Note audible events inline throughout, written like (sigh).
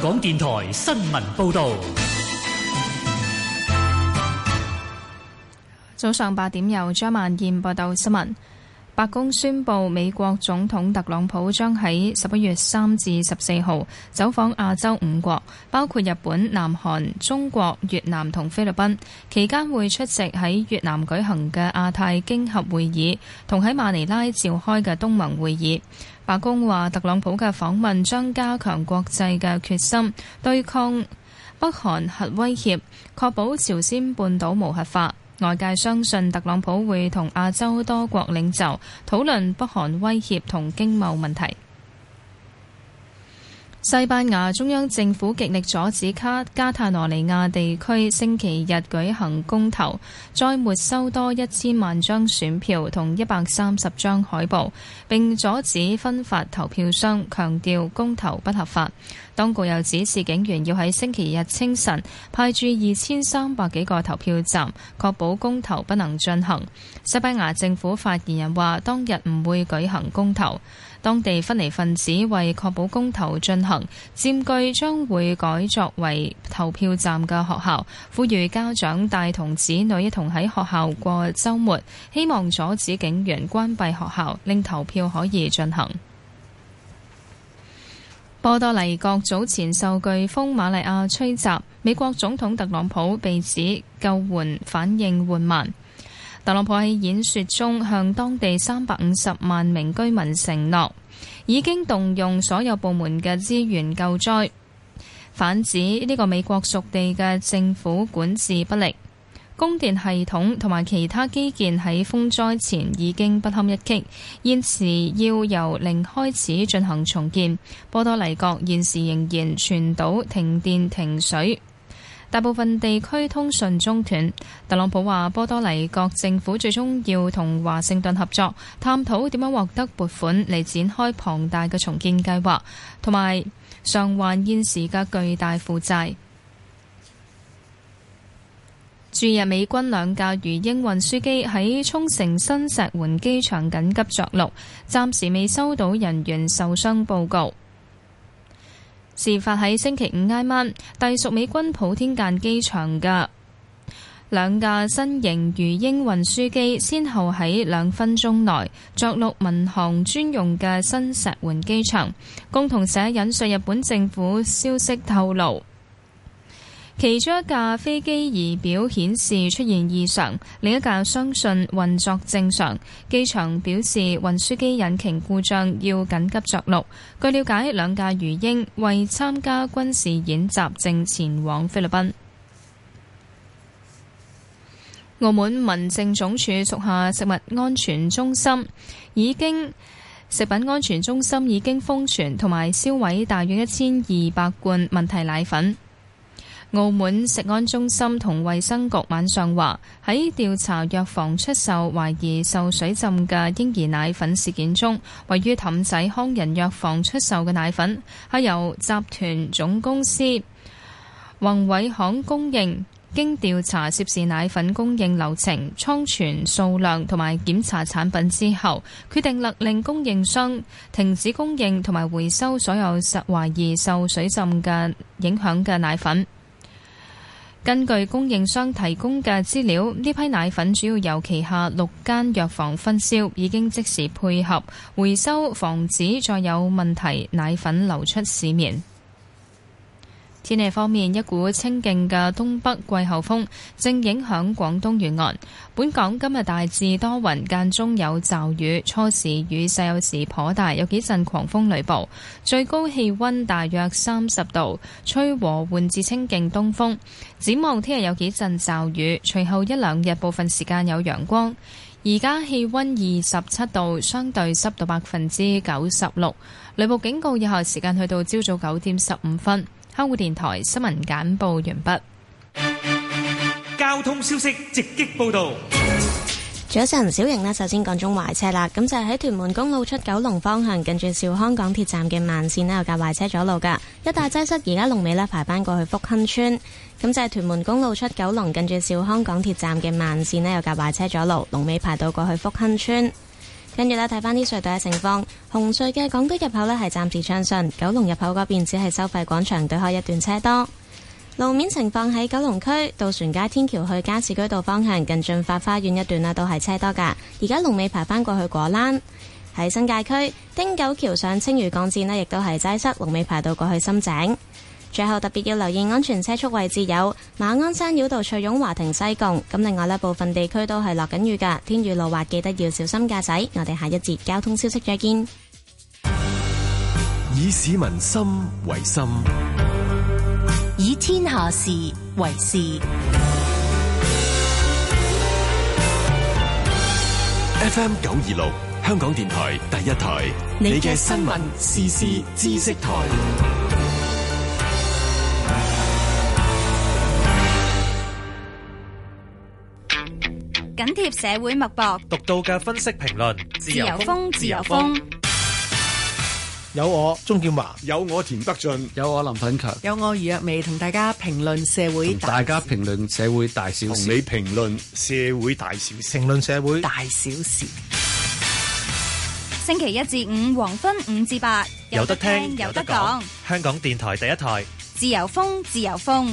香港電台新聞報道：早上八點，由張萬燕報道新聞。白宮宣布，美國總統特朗普將喺十一月三至十四號走訪亞洲五國，包括日本、南韓、中國、越南同菲律賓。期間會出席喺越南舉行嘅亞太經合會議，同喺馬尼拉召開嘅東盟會議。白宮話，特朗普嘅訪問將加強國際嘅決心，對抗北韓核威脅，確保朝鮮半島無核化。外界相信特朗普會同亞洲多國領袖討論北韓威脅同經貿問題。西班牙中央政府極力阻止卡加泰羅尼亞地區星期日舉行公投，再沒收多一千萬張選票同一百三十張海報，並阻止分發投票箱，強調公投不合法。當局又指示警員要喺星期日清晨派駐二千三百幾個投票站，確保公投不能進行。西班牙政府發言人話當日唔會舉行公投。當地分離分子為確保公投進行，佔據將會改作為投票站嘅學校，呼籲家長帶同子女一同喺學校過週末，希望阻止警員關閉學校，令投票可以進行。波多黎各早前受颶風瑪利亞吹襲，美國總統特朗普被指救援反應緩慢。特朗普喺演說中向當地三百五十萬名居民承諾，已經動用所有部門嘅資源救災，反指呢個美國屬地嘅政府管治不力，供電系統同埋其他基建喺風災前已經不堪一擊，現時要由零開始進行重建。波多黎各現時仍然全島停電停水。大部分地區通訊中斷。特朗普話：波多黎各政府最終要同華盛頓合作，探討點樣獲得撥款嚟展開龐大嘅重建計劃，同埋償還現時嘅巨大負債。駐日美軍兩架魚鷹運輸機喺沖繩新石垣機場緊急着陸，暫時未收到人員受傷報告。事發喺星期五晚，隸屬美軍普天間機場嘅兩架新型魚鷹運輸機，先後喺兩分鐘內着陸民航專用嘅新石垣機場。共同社引述日本政府消息透露。其中一架飛機儀表顯示出現異常，另一架相信運作正常。機場表示運輸機引擎故障，要緊急着陸。據了解，兩架魚鷹為參加軍事演習，正前往菲律賓。澳門民政總署屬下食物安全中心已經食品安全中心已經封存同埋銷毀大約一千二百罐問題奶粉。澳門食安中心同衛生局晚上話，喺調查藥房出售懷疑受水浸嘅嬰兒奶粉事件中，位於氹仔康仁藥房出售嘅奶粉係由集團總公司宏偉行供應。經調查涉事奶粉供應流程、倉存數量同埋檢查產品之後，決定勒令供應商停止供應同埋回收所有實懷疑受水浸嘅影響嘅奶粉。根據供應商提供嘅資料，呢批奶粉主要由旗下六間藥房分銷，已經即時配合回收，防止再有問題奶粉流出市面。天氣方面，一股清勁嘅東北季候風正影響廣東沿岸。本港今日大致多雲，間中有驟雨，初時雨勢有時頗大，有幾陣狂風雷暴。最高氣溫大約三十度，吹和緩至清勁東風。展望聽日有幾陣驟雨，隨後一兩日部分時間有陽光。而家氣溫二十七度，相對濕度百分之九十六，雷暴警告有效時間去到朝早九點十五分。香港電台新聞簡報完畢。交通消息直擊報道。早晨，小瑩呢，首先講中壞車啦。咁就係喺屯門公路出九龍方向，近住兆康港鐵站嘅慢線呢，有架壞車阻路噶。一大擠塞，而家龍尾呢排班過去福亨村。咁就係屯門公路出九龍，近住兆康港鐵站嘅慢線呢，有架壞車阻路，龍尾排到過去福亨村。跟住咧，睇翻啲隧道嘅情況。紅隧嘅港島入口咧係暫時暢順，九龍入口嗰邊只係收費廣場對開一段車多。路面情況喺九龍區渡船街天橋去加士居道方向近駿發花園一段啦，都係車多噶。而家龍尾排返過去果欄喺新界區汀九橋上青嶼港線呢亦都係擠塞，龍尾排到過去深井。最後特別要留意安全車速位置有馬鞍山繞道翠涌華庭西貢，咁另外呢部分地區都係落緊雨噶，天雨路滑，記得要小心駕駛。我哋下一節交通消息再見。以市民心為心，以天下事為事。FM 九二六，香港電台第一台，你嘅新聞、時事、知識台。緊貼社會脈搏，獨到嘅分析評論，自由風，自由風。有我鍾建華，有我田北俊，有我林粉強，有我余若薇同大家評論社會，同大家評論社會大小事，同你評論社會大小事，評論社會大小事。星期一至五黃昏五至八，有得聽有得講。香港電台第一台，自由風，自由風。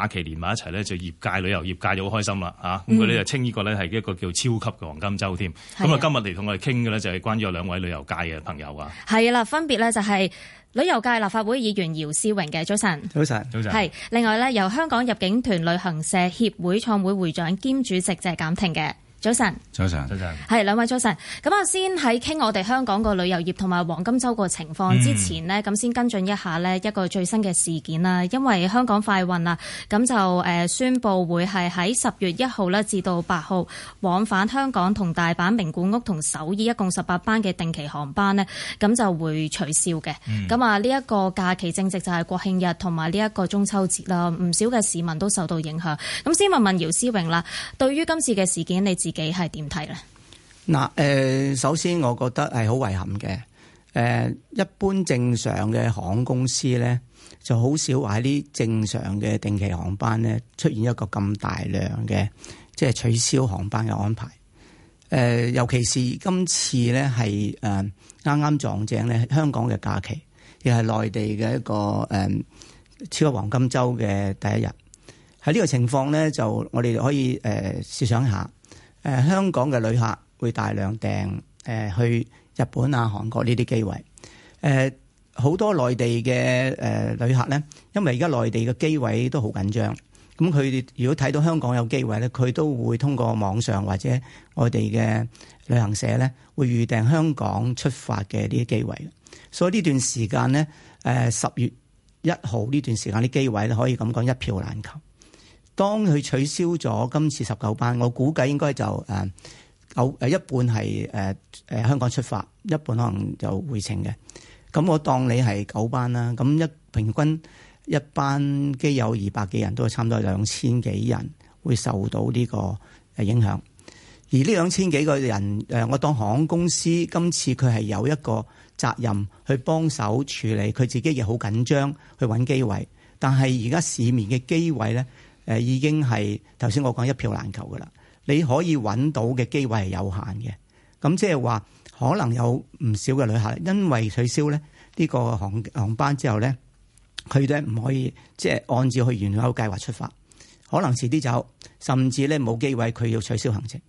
假期連埋一齊咧，就業界旅遊業界就好開心啦，吓，咁佢呢就稱呢個咧係一個叫超級嘅黃金周添。咁啊的，今日嚟同我哋傾嘅咧就係關於有兩位旅遊界嘅朋友啊，係啦，分別咧就係旅遊界立法會議員姚思榮嘅，早晨，早晨，早晨上，係另外咧由香港入境團旅行社協會創會，會會長兼主席就係謝淦廷嘅。早晨，早晨，早晨，係兩位早晨。咁啊，先喺傾我哋香港個旅遊業同埋黃金周個情況之前咧，咁、嗯、先跟進一下咧一個最新嘅事件啦。因為香港快運啊，咁就誒宣布會係喺十月一號咧至到八號往返香港同大阪、名古屋同首爾一共十八班嘅定期航班咧，咁就會取消嘅。咁啊、嗯，呢一個假期正值就係國慶日同埋呢一個中秋節啦，唔少嘅市民都受到影響，咁先問問姚思榮啦，對於今次嘅事件，你知自己係點睇咧？嗱，誒，首先我覺得係好遺憾嘅。誒、呃，一般正常嘅航空公司咧，就好少話喺啲正常嘅定期航班咧出現一個咁大量嘅，即係取消航班嘅安排。誒、呃，尤其是今次咧係誒啱啱撞正咧香港嘅假期，亦係內地嘅一個誒、呃、超級黃金周嘅第一日。喺呢個情況咧，就我哋可以誒設、呃、想一下。誒、呃、香港嘅旅客會大量訂誒、呃、去日本啊、韓國呢啲機位。誒、呃、好多內地嘅誒、呃、旅客咧，因為而家內地嘅機位都好緊張，咁佢哋如果睇到香港有機位咧，佢都會通過網上或者我哋嘅旅行社咧，會預訂香港出發嘅呢啲機位。所以呢段時間咧，誒、呃、十月一號呢段時間啲機位咧，可以咁講，一票難求。當佢取消咗今次十九班，我估計應該就誒九誒一半係誒誒香港出發，一半可能就回程嘅。咁我當你係九班啦，咁一平均一班機有二百幾人，都係差唔多兩千幾人會受到呢個誒影響。而呢兩千幾個人誒、呃，我當航空公司今次佢係有一個責任去幫手處理，佢自己亦好緊張去搵機位，但係而家市面嘅機位咧。誒已經係頭先我講一票難求嘅啦，你可以揾到嘅機會係有限嘅。咁即係話可能有唔少嘅旅客，因為取消咧呢個航航班之後咧，佢都唔可以即係按照佢原有計劃出發，可能遲啲就甚至咧冇機會佢要取消行程。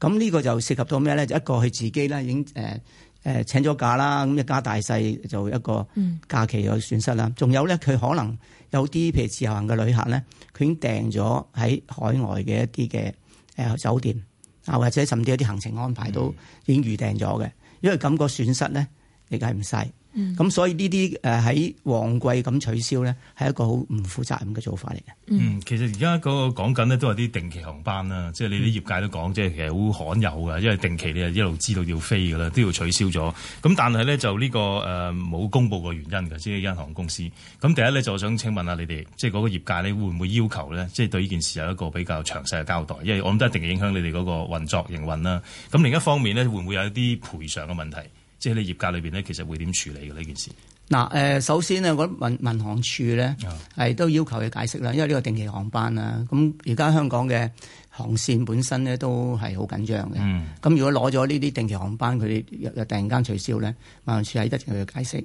咁、這、呢個就涉及到咩咧？就一個佢自己咧已經誒誒、呃呃、請咗假啦，咁一家大細就一個假期嘅損失啦。仲、嗯、有咧佢可能。有啲譬如自由行嘅旅客咧，佢已經訂咗喺海外嘅一啲嘅誒酒店，啊或者甚至一啲行程安排都已經預訂咗嘅，因為咁個損失咧亦係唔細。咁、嗯、所以呢啲誒喺旺季咁取消咧，係一個好唔負責任嘅做法嚟嘅。嗯，嗯，其實而家嗰個講緊咧，都係啲定期航班啦，即、就、係、是、你啲業界都講，即係其實好罕有嘅，因為定期你係一路知道要飛嘅啦，都要取消咗。咁但係咧就呢、這個誒冇、呃、公布過原因嘅，即係間航空公司。咁第一咧，就想請問下你哋，即係嗰個業界咧，會唔會要求咧，即、就、係、是、對呢件事有一個比較詳細嘅交代？因為我諗都一定影響你哋嗰個運作營運啦。咁另一方面咧，會唔會有一啲賠償嘅問題？即係你業界裏邊咧，其實會點處理嘅呢件事？嗱，誒首先咧，我覺得民航處咧係都要求佢解釋啦，因為呢個定期航班啊，咁而家香港嘅航線本身咧都係好緊張嘅。咁如果攞咗呢啲定期航班，佢哋又、嗯、突然間取消咧，民航處係一定要佢解釋。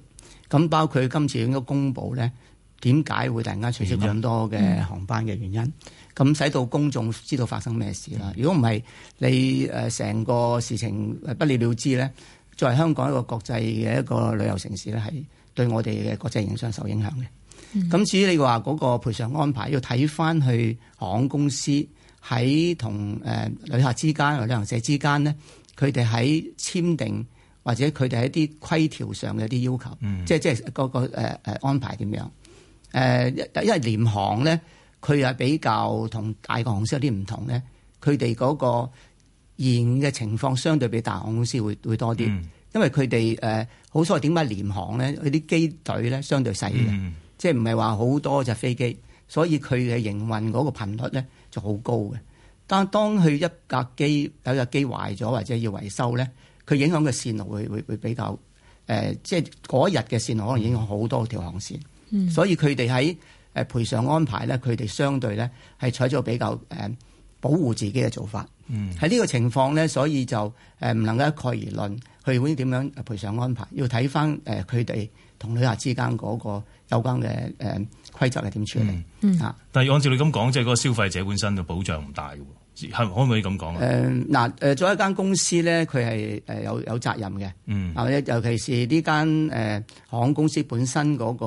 咁包括今次應該公佈咧，點解會突然間取消咁多嘅航班嘅原因？咁使到公眾知道發生咩事啦。如果唔係你誒成個事情不了了之咧。作為香港一個國際嘅一個旅遊城市咧，係對我哋嘅國際影響受影響嘅。咁、嗯、至於你話嗰個賠償安排，要睇翻去航空公司喺同誒旅客之間、呃、旅行社之間咧，佢哋喺簽訂或者佢哋喺啲規條上嘅一啲要求，嗯、即係即係個個誒安排點樣？誒、呃，因為廉航咧，佢又係比較同大個航司有啲唔同咧，佢哋嗰個。現嘅情況相對比大航公司會會多啲。嗯、因為佢哋誒好所謂點解廉航咧？佢啲機隊咧相對細嘅，嗯、即係唔係話好多隻飛機，所以佢嘅營運嗰個頻率咧就好高嘅。但係當佢一架機有一架機壞咗或者要維修咧，佢影響嘅線路會會會比較誒、呃，即係嗰日嘅線路可能影響好多條航線。嗯、所以佢哋喺誒賠償安排咧，佢哋相對咧係採取比較誒保護自己嘅做法。喺呢個情況咧，所以就誒唔能夠一概而論，佢會點樣賠償安排？要睇返誒佢哋同旅客之間嗰個有關嘅誒規則係點處理。嗯，嚇那。但係按照你咁講，即係嗰個消費者本身就保障唔大喎，係可唔可以咁講啊？誒嗱誒，作為一間公司咧，佢係誒有有責任嘅。嗯。啊，尤其是呢間誒航空公司本身嗰、那個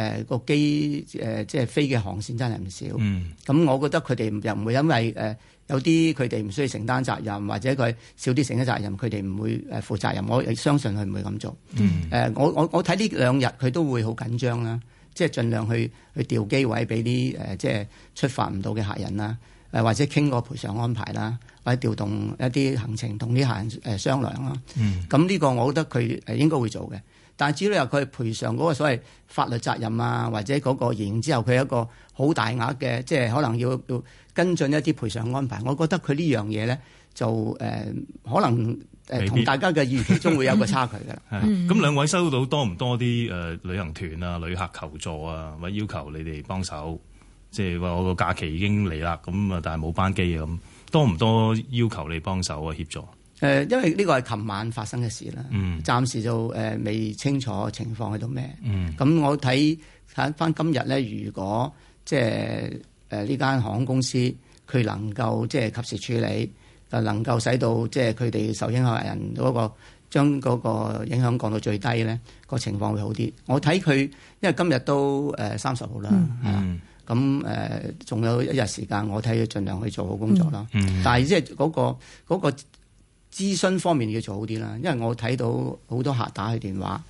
誒個、呃、機、呃、即係飛嘅航線真係唔少。嗯。咁我覺得佢哋又唔會因為誒。呃有啲佢哋唔需要承擔責任，或者佢少啲承擔責任，佢哋唔會誒負責任。我係相信佢唔會咁做。誒、嗯呃，我我我睇呢兩日佢都會好緊張啦，即係盡量去去調機位俾啲誒，即係出發唔到嘅客人啦，誒、呃、或者傾個賠償安排啦，或者調動一啲行程同啲客人誒商量啦。咁呢、嗯、個我覺得佢應該會做嘅，但係主要係佢賠償嗰個所謂法律責任啊，或者嗰、嗰個然之後佢一個好大額嘅，即係可能要要。要跟進一啲賠償安排，我覺得佢呢樣嘢咧就誒、呃、可能誒、呃、必同大家嘅預期中會有個差距㗎啦。咁 (laughs) (laughs) 兩位收到多唔多啲誒旅行團啊、旅客求助啊，或要求你哋幫手，即係話我個假期已經嚟啦，咁啊但係冇班機咁，多唔多要求你幫手啊協助？誒，因為呢個係琴晚發生嘅事啦，嗯、暫時就誒、呃、未清楚情況喺度咩？嗯，咁我睇睇返今日咧，如果即係。誒呢間航空公司佢能夠即係及時處理，就能夠使到即係佢哋受影響人嗰個將嗰個影響降到最低咧，個情況會好啲。我睇佢，因為今日都誒三十號啦，嚇、嗯，咁誒仲有一日時間，我睇要儘量去做好工作啦。但係即係嗰個嗰、嗰個諮詢方面要做好啲啦，因為我睇到好多客打去電話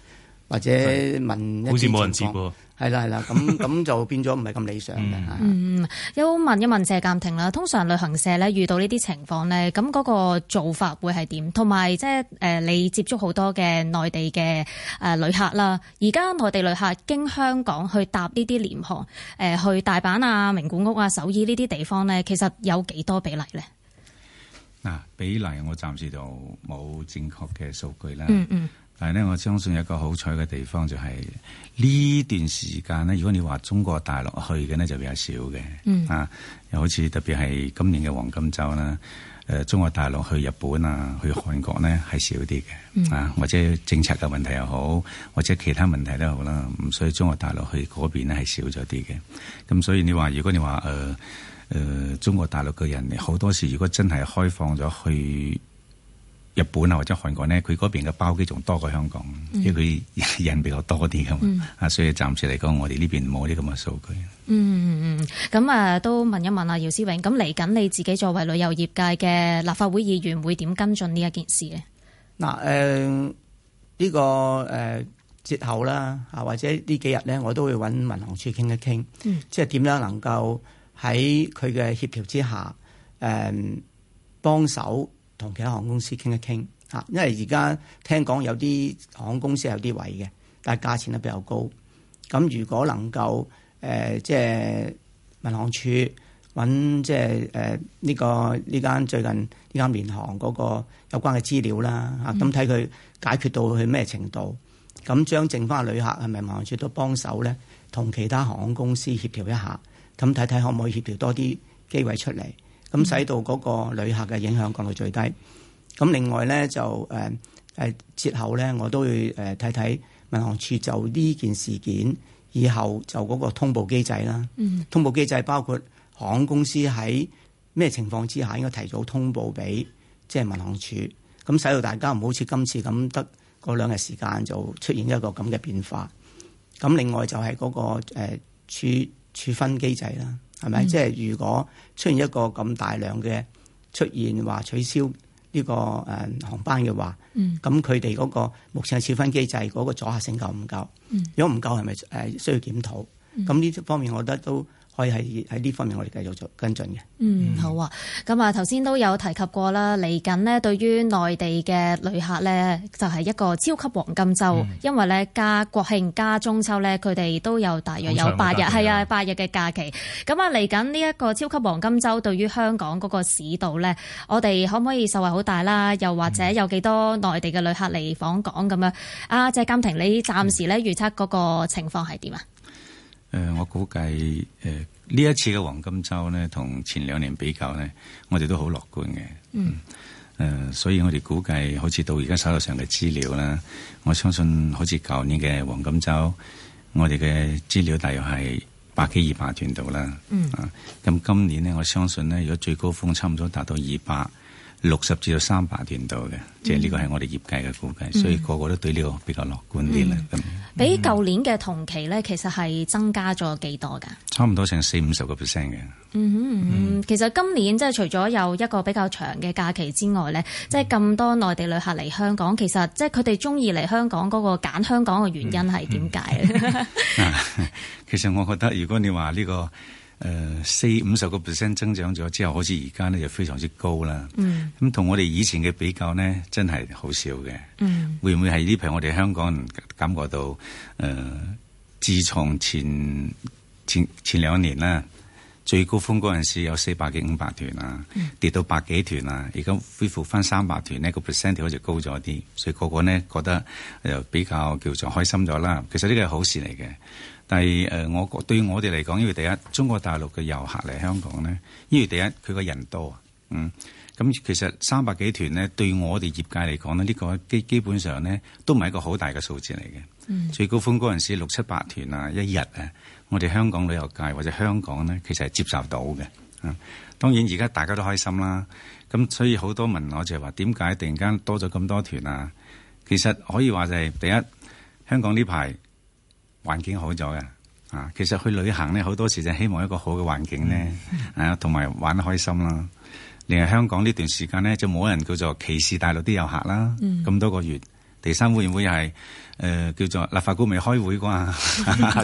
或者問，好似冇人接係啦，係啦， (laughs) 咁咁就變咗唔係咁理想嘅吓。 (laughs) 的嗯，有問一問謝淦廷啦。通常旅行社咧遇到呢啲情況咧，咁嗰個做法會係點？同埋即係誒，你接觸好多嘅內地嘅誒旅客啦。而、呃、家、呃、內地旅客經香港去搭呢啲廉航誒去大阪啊、名古屋啊、首爾呢啲地方咧，其實有幾多比例咧？嗱、啊，比例我暫時就冇正確嘅數據啦。嗯嗯。嗯但係咧，我相信一個好彩嘅地方就係呢段時間咧。如果你話中國大陸去嘅咧，就比較少嘅。嗯啊，又好似特別係今年嘅黃金週啦。誒、呃，中國大陸去日本啊，去韓國咧，係少啲嘅。啊，或者政策嘅問題又好，或者其他問題都好啦。咁所以中國大陸去嗰邊咧係少咗啲嘅。咁所以你話，如果你話誒誒中國大陸嘅人好多時，如果真係開放咗去。日本啊或者韓國呢，佢嗰邊嘅包機仲多過香港，因為佢人比較多啲嘅嘛，啊、嗯，所以暫時嚟講，我哋呢邊冇啲咁嘅數據。嗯嗯咁啊、嗯嗯、都問一問啊姚思榮，咁嚟緊你自己作為旅遊業界嘅立法會議員，會點跟進呢一件事呢？嗱、嗯，誒呢、呃這個誒節後啦，啊、呃、或者呢幾日呢，我都會揾民航處傾一傾，嗯、即係點樣能夠喺佢嘅協調之下，誒、呃、幫手。同其他航空公司傾一傾，吓，因為而家聽講有啲航空公司有啲位嘅，但價錢都比較高。咁如果能夠誒、呃、即係民航處揾即係誒呢個呢間最近呢間聯航嗰個有關嘅資料啦吓，咁睇佢解決到去咩程度，咁將剩翻嘅旅客係咪民航處都幫手咧，同其他航空公司協調一下，咁睇睇可唔可以協調多啲機位出嚟。咁使到嗰個旅客嘅影響降到最低。咁另外咧就誒誒節後咧，我都會誒睇睇民航處就呢件事件以後就嗰個通報機制啦。嗯。通報機制包括航空公司喺咩情況之下應該提早通報俾即係民航處，咁使到大家唔好似今次咁得嗰兩日時間就出現一個咁嘅變化。咁另外就係嗰、那個誒、呃、處處分機制啦。係咪？即係如果出現一個咁大量嘅出現，話取消呢、呢個誒、呃、航班嘅話，嗯，咁佢哋嗰個目前嘅處分機制嗰、嗰個阻嚇性夠唔夠，嗯，如果唔夠，係咪誒需要檢討？咁呢、嗯、方面，我覺得都。可以喺呢方面我哋繼續跟進嘅、嗯。嗯，好啊。咁啊，頭先都有提及過啦。嚟緊呢，對於內地嘅旅客呢，就係一個超級黃金週，嗯、因為呢，加國慶加中秋呢，佢哋都有大約有八日，係啊，八日嘅假期。咁啊，嚟緊呢一個超級黃金週，對於香港嗰個市道呢，我哋可唔可以受惠好大啦？又或者有幾多內地嘅旅客嚟訪港咁、嗯、啊？阿謝淦廷，你暫時呢預測嗰個情況係點啊？誒、呃，我估計誒呢、呃、一次嘅黃金周咧，同前兩年比較咧，我哋都好樂觀嘅。嗯，誒、呃，所以我哋估計好似到而家手頭上嘅資料啦，我相信好似舊年嘅黃金周，我哋嘅資料大約係百幾二百團度啦。嗯，啊，咁今年咧，我相信咧，如果最高峰差唔多達到二百。六十至到三百段度嘅，即係呢個係我哋業界嘅估計，嗯、所以個個都對呢個比較樂觀啲啦。咁、嗯嗯、比舊年嘅同期咧，其實係增加咗幾多㗎？差唔多成四五十個 percent 嘅。嗯哼，嗯嗯其實今年即係除咗有一個比較長嘅假期之外咧，即係咁多內地旅客嚟香港，其實即係佢哋中意嚟香港嗰、嗰個揀香港嘅原因係點解咧？嗯嗯嗯、 (laughs) 其實我覺得，如果你話呢、呢個誒四五十個 percent 增長咗之後，好似而家咧就非常之高啦。咁同、mm. 我哋以前嘅比較咧，真係好少嘅。Mm. 會唔會係呢排我哋香港人感覺到誒、呃，自從前前前兩年啦，最高峰嗰陣時有四百幾五百團啊，mm. 跌到百幾團啊，而家恢復翻三百團呢，個 percent 好似高咗啲，所以個個咧覺得又、呃、比較叫做開心咗啦。其實呢個係好事嚟嘅。但係、呃，我對我哋嚟講，因為第一，中國大陸嘅遊客嚟香港咧，因為第一，佢個人多啊，嗯，咁、嗯、其實三百幾團咧，對我哋業界嚟講咧，呢、這個基基本上咧，都唔係一個好大嘅數字嚟嘅。嗯、最高峰嗰陣時六七百團啊，一日啊，我哋香港旅遊界或者香港咧，其實係接受到嘅。嗯，當然而家大家都開心啦，咁、嗯、所以好多問我就係話點解突然間多咗咁多團啊？其實可以話就係、是、第一，香港呢排。環境好咗嘅，啊，其實去旅行咧，好多時就希望一個好嘅環境咧，mm hmm. 啊，同埋玩得開心啦。另外香港呢段時間咧就冇人叫做歧視大陸啲遊客啦，咁、mm hmm. 多個月。第三會唔會又係誒叫做立法會未開會啩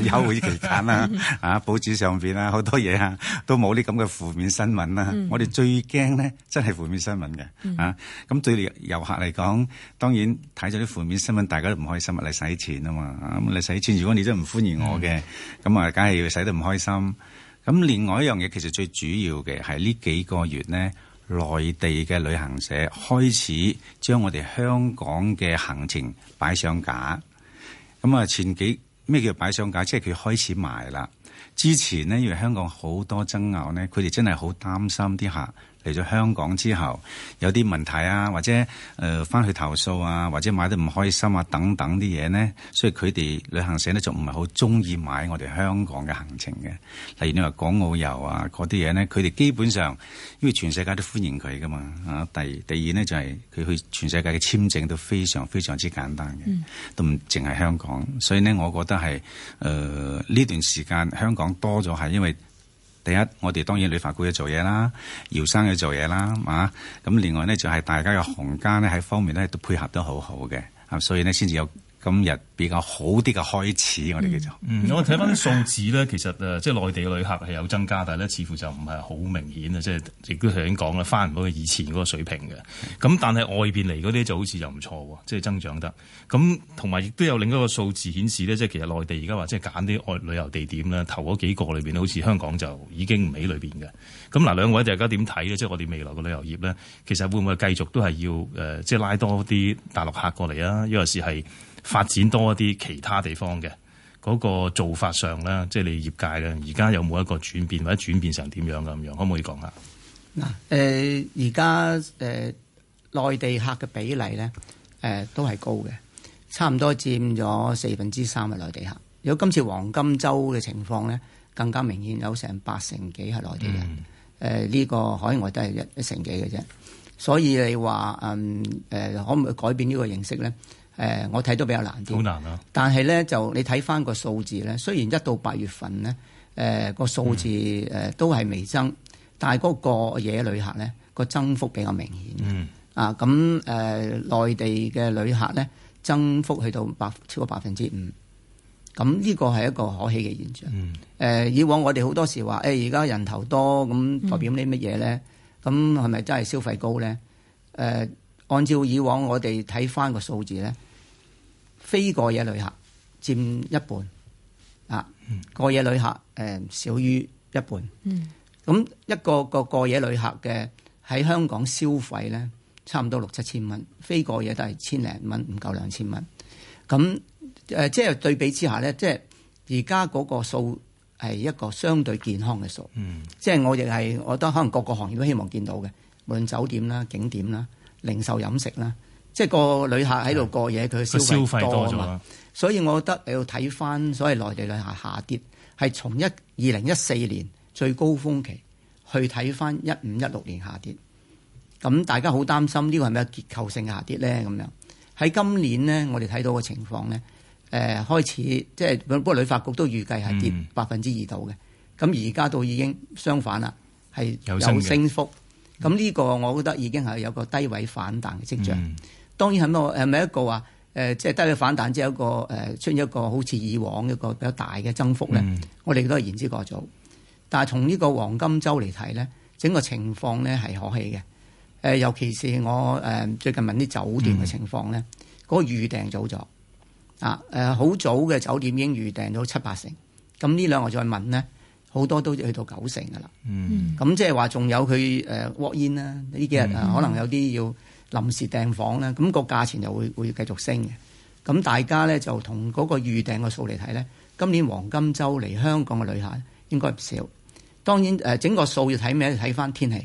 休、啊、 (laughs) 會期間啦、啊， (laughs) 啊報紙上邊啊好多嘢啊都冇啲咁嘅負面新聞啦、啊。嗯、我哋最驚咧，真係負面新聞嘅啊！咁、嗯、對遊客嚟講，當然睇咗啲負面新聞，大家都唔開心、啊，咪嚟使錢啊嘛！咁、啊、你使錢，如果你真係唔歡迎我嘅，咁啊梗係要使得唔開心。咁另外一樣嘢，其實最主要嘅係呢幾個月咧。內地嘅旅行社開始將我哋香港嘅行程擺上架，咁啊前幾咩叫擺上架，即係佢開始賣啦。之前呢，因為香港好多爭拗呢，佢哋真係好擔心啲客。嚟咗香港之後，有啲問題啊，或者誒翻、呃、去投訴啊，或者買得唔開心啊，等等啲嘢咧，所以佢哋旅行社咧就唔係好中意買我哋香港嘅行程嘅。例如你話港澳遊啊，嗰啲嘢咧，佢哋基本上因為全世界都歡迎佢噶嘛啊。第二第二咧就係、係、佢去全世界嘅簽證都非常非常之簡單嘅，嗯、都唔淨係香港。所以咧，我覺得係誒呢段時間香港多咗係因為。第一，我哋當然李法官要做嘢啦，姚生要做嘢啦，啊，咁另外咧就係、是、大家嘅行家咧喺方面咧都配合得好好嘅，啊，所以咧先至有。今日比較好啲嘅開始，我哋叫做。嗯，嗯我睇翻啲數字咧， (laughs) 其實誒，即係內地嘅旅客係有增加，但係咧似乎就唔係好明顯啊！即係亦都頭先講啦，翻唔到以前嗰個水平嘅。咁但係外邊嚟嗰啲就好似又唔錯喎，即係增長得。咁同埋亦都有另一個數字顯示咧，即係其實內地而家話即係揀啲外旅遊地點咧，頭嗰幾個裏邊好似香港就已經唔喺裏邊嘅。咁嗱，兩位大家點睇咧？即係我哋未來嘅旅遊業咧，其實會唔會繼續都係要誒、呃，即係拉多啲大陸客過嚟啊？因為是係。發展多一啲其他地方嘅嗰、那個做法上咧，即係你業界咧，而家有冇一個轉變或者轉變成點樣咁樣？可唔可以講下？嗱，誒而家誒內地客嘅比例咧，誒、呃、都係高嘅，差唔多佔咗四分之三嘅內地客。如果今次黃金周嘅情況咧，更加明顯有成八成幾係內地人，誒呢、嗯呃呢個海外都係一成幾嘅啫。所以你話嗯誒、呃、可唔可以改變呢個形式咧？誒、呃，我睇都比較難啲，好難啊。但係咧就你睇翻個數字咧，雖然一到八月份咧，誒、呃、個數字誒都係微增，嗯、但係嗰個野旅客咧、那個增幅比較明顯。嗯，啊咁誒、呃，內地嘅旅客咧增幅去到百超過百分之五，咁呢個係一個可喜嘅現象。誒、嗯呃，以往我哋好多時話誒而家人頭多，咁代表啲乜嘢咧？咁係咪真係消費高咧？誒、呃，按照以往我哋睇翻個數字咧。非過夜旅客佔一半，啊、嗯，過夜旅客誒少於一半。咁、嗯、一個個過夜旅客嘅喺香港消費咧，差唔多六七千蚊，非過夜都係千零蚊，唔夠兩千蚊。咁誒即係對比之下咧，即係而家嗰個數係一個相對健康嘅數。即係、嗯、我亦係，我覺得可能各個行業都希望見到嘅，無論酒店啦、景點啦、零售飲食啦。即係個旅客喺度過夜，佢的消費多啊嘛，所以我覺得你要睇翻所謂內地旅客下跌，係從一二零一四年最高峰期去睇翻一五一六年下跌，咁大家好擔心呢個係咪有結構性下跌咧？咁樣喺今年咧，我哋睇到嘅情況咧，誒、呃、開始即係不過旅發局都預計係跌百分之二度嘅，咁而家都已經相反啦，係有升幅。咁呢、嗯、個我覺得已經係有個低位反彈嘅跡象。嗯嗯當然係冇誒，唔係一個話誒、呃，即係低位反彈，即係一個誒、呃，出現一個好似以往一個比較大嘅增幅咧。嗯、我哋都係言之過早，但係從呢個黃金周嚟睇咧，整個情況咧係可喜嘅。誒、呃，尤其是我誒、呃、最近問啲酒店嘅情況咧，嗰、嗯、個預訂早咗啊！誒、呃，好早嘅酒店已經預訂到七八成，咁呢兩日再問咧，好多都去到九成噶啦。嗯，咁即係話仲有佢誒 walk in 啦、啊，呢幾日誒、嗯、可能有啲要。臨時訂房咧，咁個價錢就會會繼續升嘅。咁大家咧就同嗰個預訂個數嚟睇咧，今年黃金周嚟香港嘅旅客應該唔少。當然誒，整個數要睇咩？睇翻天氣。誒、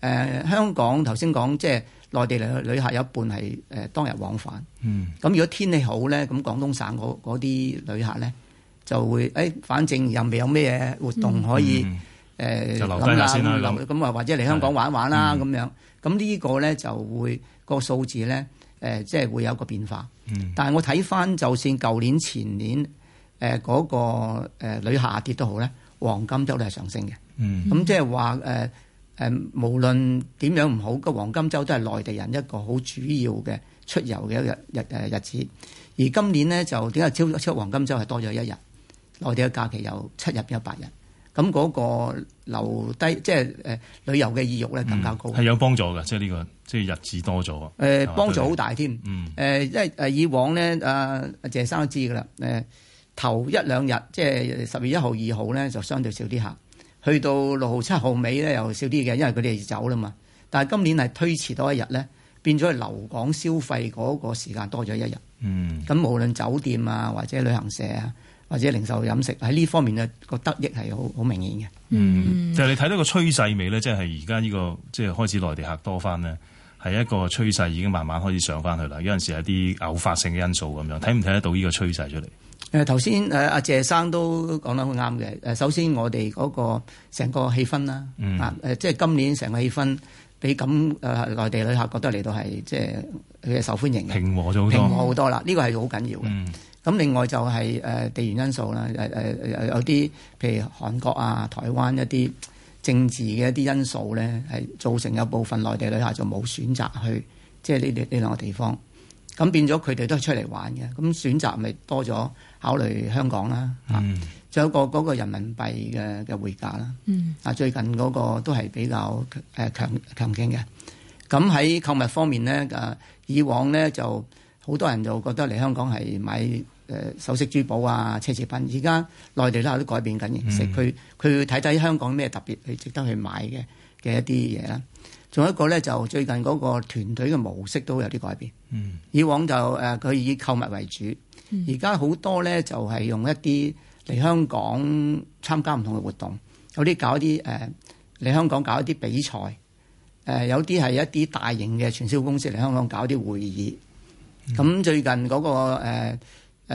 呃，香港頭先講即係內地嚟嘅旅客有一半係誒當日往返。嗯。咁如果天氣好咧，咁廣東省嗰啲旅客咧就會誒、哎，反正又未有咩活動可以、嗯。誒咁啊，咁啊、呃，了了或者嚟香港玩玩啦咁、嗯、樣。咁呢個咧就會、那個數字咧誒，即、呃、係、就是、會有一個變化。嗯、但係我睇翻，就算舊年前年誒嗰、呃那個誒旅下跌都好咧，黃金周都係上升嘅。咁即係話誒誒，無論點樣唔好，個黃金周都係內地人一個好主要嘅出遊嘅一日日誒日，日子。而今年咧就點解超出黃金周係多咗一日？內地嘅假期有七日變八,八,八,八日。八咁嗰個留低即係誒旅遊嘅意欲咧，更加高。係有幫助嘅，即係呢個，即係日子多咗。誒幫助好大添。誒，因為誒以往咧，阿謝生都知㗎啦。誒頭一兩日，即係十月一號、二號咧，就相對少啲客。去到六號、七號尾咧，又少啲嘅，因為佢哋走啦嘛。但係今年係推遲多一日咧，變咗留港消費嗰個時間多咗一日。嗯。咁無論酒店啊，或者旅行社啊。或者零售飲食喺呢方面嘅個得益係好好明顯嘅。嗯，就係你睇到個趨勢未咧？即係而家呢個即係開始內地客多翻呢，係一個趨勢已經慢慢開始上翻去啦。有陣時有啲偶發性嘅因素咁樣，睇唔睇得到呢個趨勢出嚟？誒頭、嗯呃、先誒阿謝生都講得好啱嘅。誒首先我哋嗰個成個氣氛啦、嗯呃，即係今年成個氣氛俾咁誒內地旅客覺得嚟到係即係佢係受歡迎嘅。平和咗好多，平和好多啦。呢、嗯這個係好緊要嘅。嗯咁另外就係誒地緣因素啦，誒誒有啲譬如韓國啊、台灣一啲政治嘅一啲因素咧，係造成有部分內地旅客就冇選擇去，即係呢啲呢兩個地方。咁變咗佢哋都係出嚟玩嘅，咁選擇咪多咗考慮香港啦。嚇、嗯，仲有一個嗰個人民幣嘅嘅匯價啦。嗯。啊，最近嗰個都係比較誒強強勁嘅。咁喺購物方面咧，誒以往咧就。好多人就覺得嚟香港係買誒首飾、珠寶啊、奢侈品。而家內地都有啲改變緊形式，佢佢睇睇香港咩特別係值得去買嘅嘅一啲嘢啦。仲有一個咧，就最近嗰個團隊嘅模式都有啲改變。嗯、以往就誒佢、呃、以購物為主，而家好多咧就係、是、用一啲嚟香港參加唔同嘅活動，有啲搞一啲誒嚟香港搞一啲比賽，誒、呃、有啲係一啲大型嘅傳銷公司嚟香港搞一啲會議。咁最近嗰、那個誒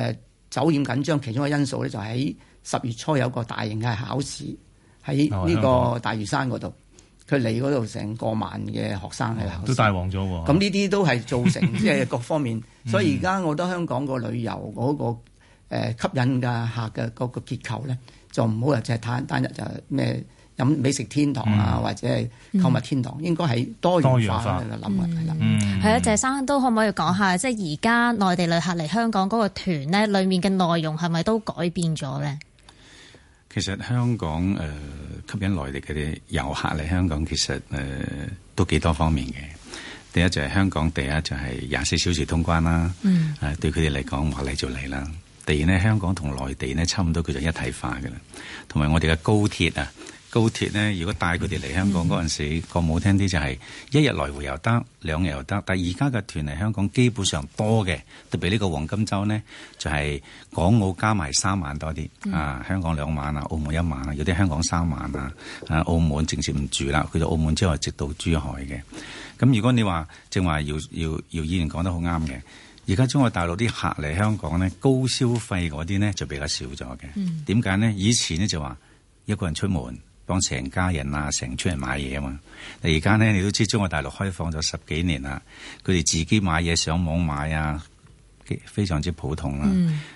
誒走險緊張，其中嘅因素咧就喺、是、十月初有個大型嘅考試喺呢個大嶼山嗰度，佢嚟嗰度成過萬嘅學生喺度、哦、都大旺咗，咁呢啲都係造成即係、就是、各方面， (laughs) 所以而家我覺得香港個旅遊嗰、那個、呃、吸引嘅客嘅嗰個結構咧，就唔好又就係單單日就係咩。飲美食天堂啊，或者係購物天堂，嗯、應該係多元化嘅諗啦。係啊，謝生都可唔可以講下，即係而家內地旅客嚟香港嗰個團咧，裡面嘅內容係咪都改變咗咧？其實香港誒、呃、吸引內地嘅遊客嚟香港，其實誒、呃、都幾多方面嘅。第一就係香港，第一就係廿四小時通關啦。嗯，啊、對佢哋嚟講，話嚟就嚟啦。第二呢，香港同內地呢，差唔多，叫做一體化㗎啦。同埋我哋嘅高鐵啊。高鐵呢，如果帶佢哋嚟香港嗰陣、嗯、時，講好聽啲就係、是、一日來回又得，兩日又得。但係而家嘅團嚟香港基本上多嘅，都比呢個黃金周呢，就係、是、港澳加埋三萬多啲、嗯、啊。香港兩萬啊，澳門一萬啊，有啲香港三萬啊。啊，澳門直接唔住啦，去到澳門之後直到珠海嘅。咁如果你話正話姚姚姚議員講得好啱嘅，而家中國大陸啲客嚟香港呢，高消費嗰啲呢就比較少咗嘅。點解、嗯、呢？以前呢就話一個人出門。幫成家人啊，成村人買嘢嘛。但而家咧，你都知中國大陸開放咗十幾年啦，佢哋自己買嘢上網買啊，非常之普通啦。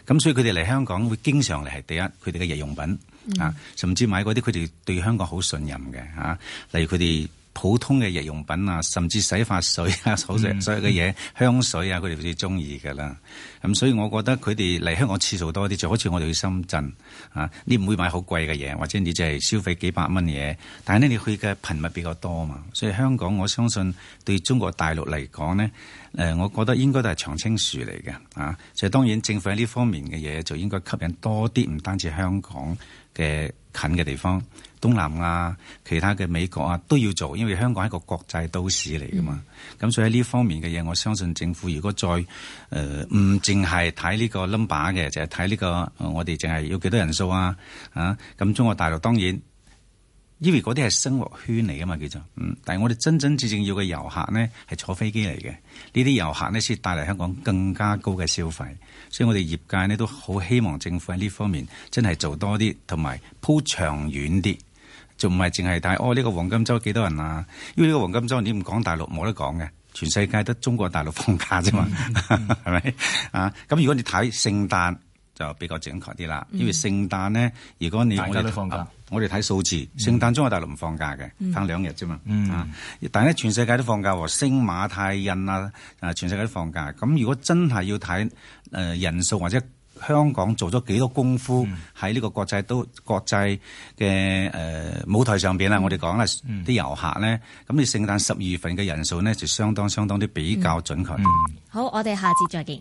咁、嗯、所以佢哋嚟香港會經常嚟。係第一佢哋嘅日用品啊，甚至買嗰啲佢哋對香港好信任嘅啊，例如佢哋。普通嘅日用品啊，甚至洗髮水啊，嗯、所有所有嘅嘢、香水啊，佢哋最中意嘅啦。咁、嗯、所以，我覺得佢哋嚟香港次數多啲，就好似我哋去深圳啊，你唔會買好貴嘅嘢，或者你就係消費幾百蚊嘢。但係咧，你去嘅頻密比較多嘛。所以香港，我相信對中國大陸嚟講咧，誒、呃，我覺得應該都係長青樹嚟嘅啊。所以當然，政府喺呢方面嘅嘢，就應該吸引多啲，唔單止香港嘅。近嘅地方、東南亞、其他嘅美國啊，都要做，因為香港係一個國際都市嚟噶嘛。咁、嗯、所以呢方面嘅嘢，我相信政府如果再誒唔淨係睇呢個 number 嘅，就係睇呢個、呃、我哋淨係要幾多人數啊啊！咁中國大陸當然，因為嗰啲係生活圈嚟噶嘛，叫做嗯。但係我哋真真正正要嘅遊客呢，係坐飛機嚟嘅。呢啲遊客呢，先帶嚟香港更加高嘅消費。所以我哋業界咧都好希望政府喺呢方面真係做多啲，同埋鋪長遠啲，仲唔係淨係睇哦呢個黃金週幾多人啊，因為呢個黃金週你唔講大陸冇得講嘅，全世界得中國大陸放假啫嘛，係咪、嗯嗯、 (laughs) 啊？咁如果你睇聖誕。就比較正確啲啦，因為聖誕咧，如果你我哋睇數字，聖誕中國大陸唔放假嘅，返兩日啫嘛。嗯，但係咧全世界都放假喎，星馬泰印啊，啊全世界都放假。咁如果真係要睇誒人數或者香港做咗幾多功夫喺呢個國際都國際嘅誒舞台上邊啦，我哋講啦，啲遊客咧，咁你聖誕十二月份嘅人數咧就相當相當啲比較準確啲。好，我哋下次再見。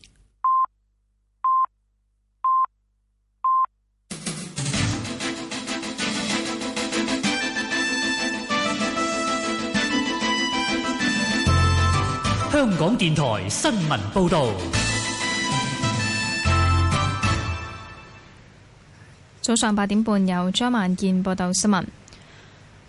香港電台新聞報道，早上八點半由張萬健報道新聞。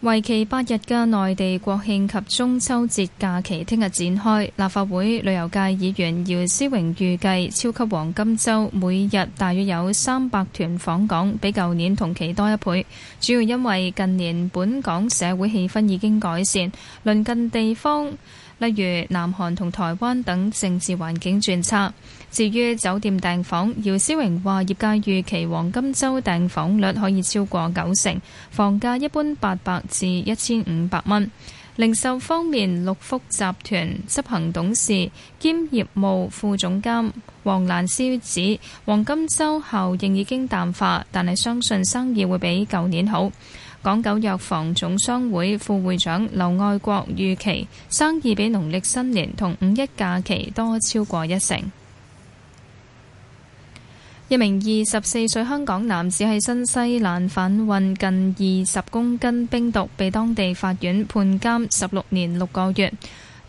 為期八日嘅內地國慶及中秋節假期聽日展開。立法會旅遊界議員姚思榮預計，超級黃金周每日大約有三百團訪港，比舊年同期多一倍。主要因為近年本港社會氣氛已經改善，鄰近地方。例如南韓同台灣等政治環境轉差。至於酒店訂房，姚思榮話業界預期黃金週訂房率可以超過九成，房價一般八百至一千五百蚊。零售方面，六福集團執行董事兼業務副總監黃蘭詩指，黃金週效應已經淡化，但係相信生意會比舊年好。港九藥房總商會副會長劉愛國預期生意比農曆新年同五一假期多超過一成。一名二十四歲香港男子喺新西蘭販運近二十公斤冰毒，被當地法院判監十六年六個月。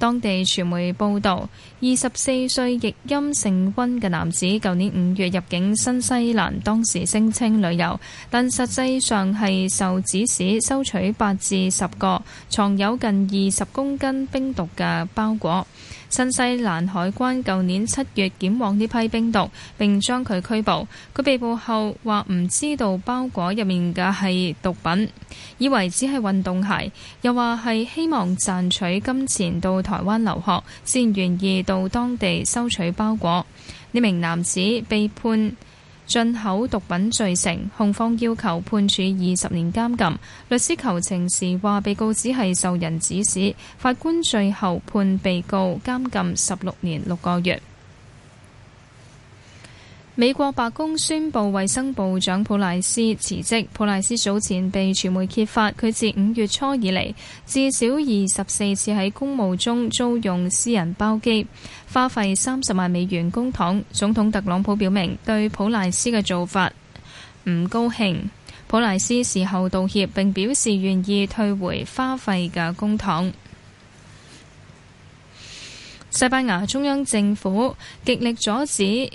當地傳媒報道，二十四歲譯音姓温嘅男子，舊年五月入境新西蘭，當時聲稱旅遊，但實際上係受指使收取八至十個藏有近二十公斤冰毒嘅包裹。新西蘭海關舊年七月檢獲呢批冰毒，並將佢拘捕。佢被捕後話唔知道包裹入面嘅係毒品，以為只係運動鞋，又話係希望賺取金錢到台灣留學，先願意到當地收取包裹。呢名男子被判。進口毒品罪成，控方要求判處二十年監禁。律師求情時話，被告只係受人指使，法官最後判被告監禁十六年六個月。美國白宮宣布衛生部長普賴斯辭職。普賴斯早前被傳媒揭發，佢自五月初以嚟，至少二十四次喺公務中租用私人包機，花費三十萬美元公帑。總統特朗普表明對普賴斯嘅做法唔高興。普賴斯事後道歉，並表示願意退回花費嘅公帑。西班牙中央政府極力阻止。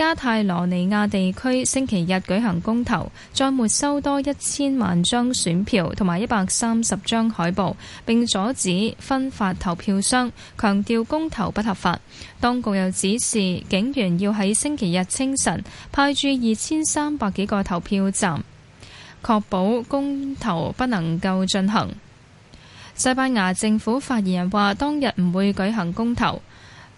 加泰羅尼亞地區星期日舉行公投，再沒收多一千萬張選票同埋一百三十張海報，並阻止分發投票箱，強調公投不合法。當局又指示警員要喺星期日清晨派駐二千三百幾個投票站，確保公投不能夠進行。西班牙政府發言人話，當日唔會舉行公投。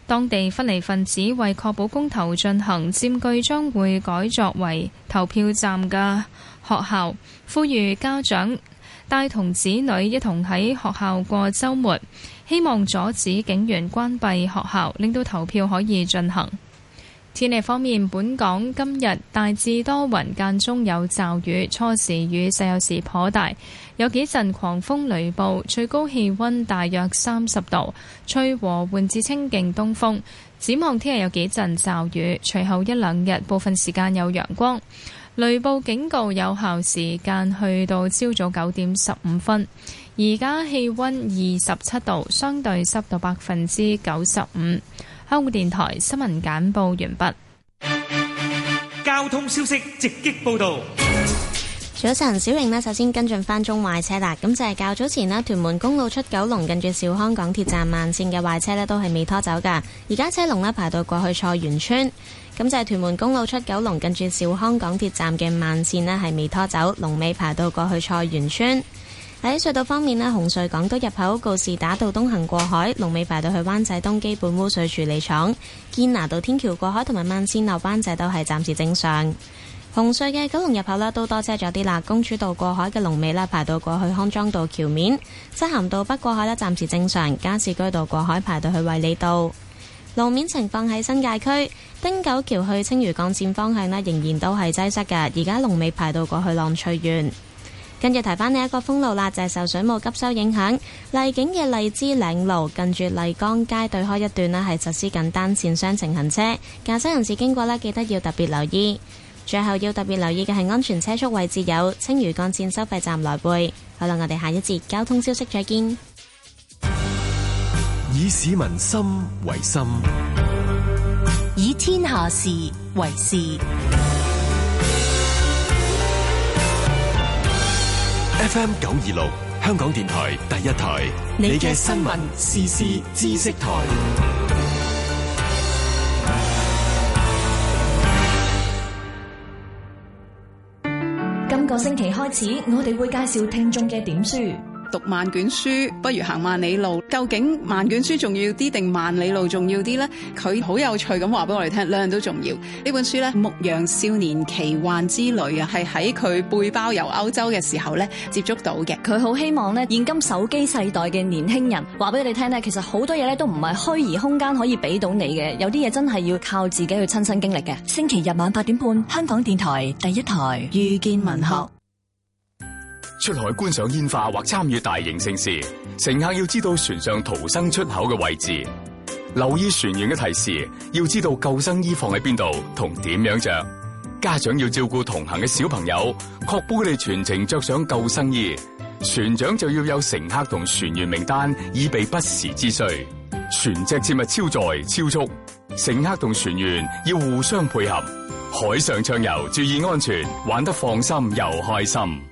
當地分離分子為確保公投進行，佔據將會改作為投票站嘅學校，呼籲家長帶同子女一同喺學校過週末，希望阻止警員關閉學校，令到投票可以進行。天氣方面，本港今日大致多雲，間中有驟雨，初時雨勢有時頗大，有幾陣狂風雷暴。最高氣溫大約三十度，吹和緩至清勁東風。展望聽日有幾陣驟雨，隨後一兩日部分時間有陽光。雷暴警告有效時間去到朝早九點十五分。而家氣溫二十七度，相對濕度百分之九十五。香港電台新聞簡報完畢。交通消息直擊報道。早晨，小玲咧，首先跟進翻中壞車啦。咁就係較早前咧，屯門公路出九龍近住兆康港鐵站慢線嘅壞車咧，都係未拖走噶。而家車龍咧排到過去菜園村。咁就係屯門公路出九龍近住兆康港鐵站嘅慢線咧，係未拖走，龍尾排到過去菜園村。喺隧道方面呢，紅隧港島入口告士打道東行過海，龍尾排到去灣仔東基本污水處理廠；堅拿道天橋過海同埋慢線牛灣仔都係暫時正常。紅隧嘅九龍入口呢都多車咗啲啦，公主道過海嘅龍尾呢排到過去康莊道橋面，漆咸道北過海呢暫時正常，加士居道過海排到去衛理道。路面情況喺新界區汀九橋去青嶼幹線方向呢仍然都係擠塞嘅，而家龍尾排到過去浪翠園。跟住提翻呢一個封路啦，就係、是、受水務急收影響，荔景嘅荔枝嶺路近住荔江街對開一段呢係實施緊單綫雙程行車，駕駛人士經過呢，記得要特別留意。最後要特別留意嘅係安全車速位置有青嶼幹綫收費站來回。好啦，我哋下一節交通消息再見。以市民心為心，以天下事為事。FM 九二六，香港電台第一台，你嘅新聞時事知識台。今個星期開始，我哋會介紹聽眾嘅點書。讀萬卷書不如行萬里路，究竟萬卷書重要啲定萬里路重要啲呢？佢好有趣咁話俾我哋聽，兩樣都重要。呢本書呢，《牧羊少年奇幻之旅》啊，係喺佢背包遊歐洲嘅時候呢接觸到嘅。佢好希望呢現今手機世代嘅年輕人，話俾你哋聽呢其實好多嘢咧都唔係虛擬空間可以俾到你嘅，有啲嘢真係要靠自己去親身經歷嘅。星期日晚八點半，香港電台第一台《遇見文學》嗯。出海觀賞煙花或參與大型盛事，乘客要知道船上逃生出口嘅位置，留意船員嘅提示，要知道救生衣放喺邊度同點樣着。家長要照顧同行嘅小朋友，確保佢哋全程着上救生衣。船長就要有乘客同船員名單，以備不時之需。船隻切勿超載超速，乘客同船員要互相配合。海上暢遊，注意安全，玩得放心又開心。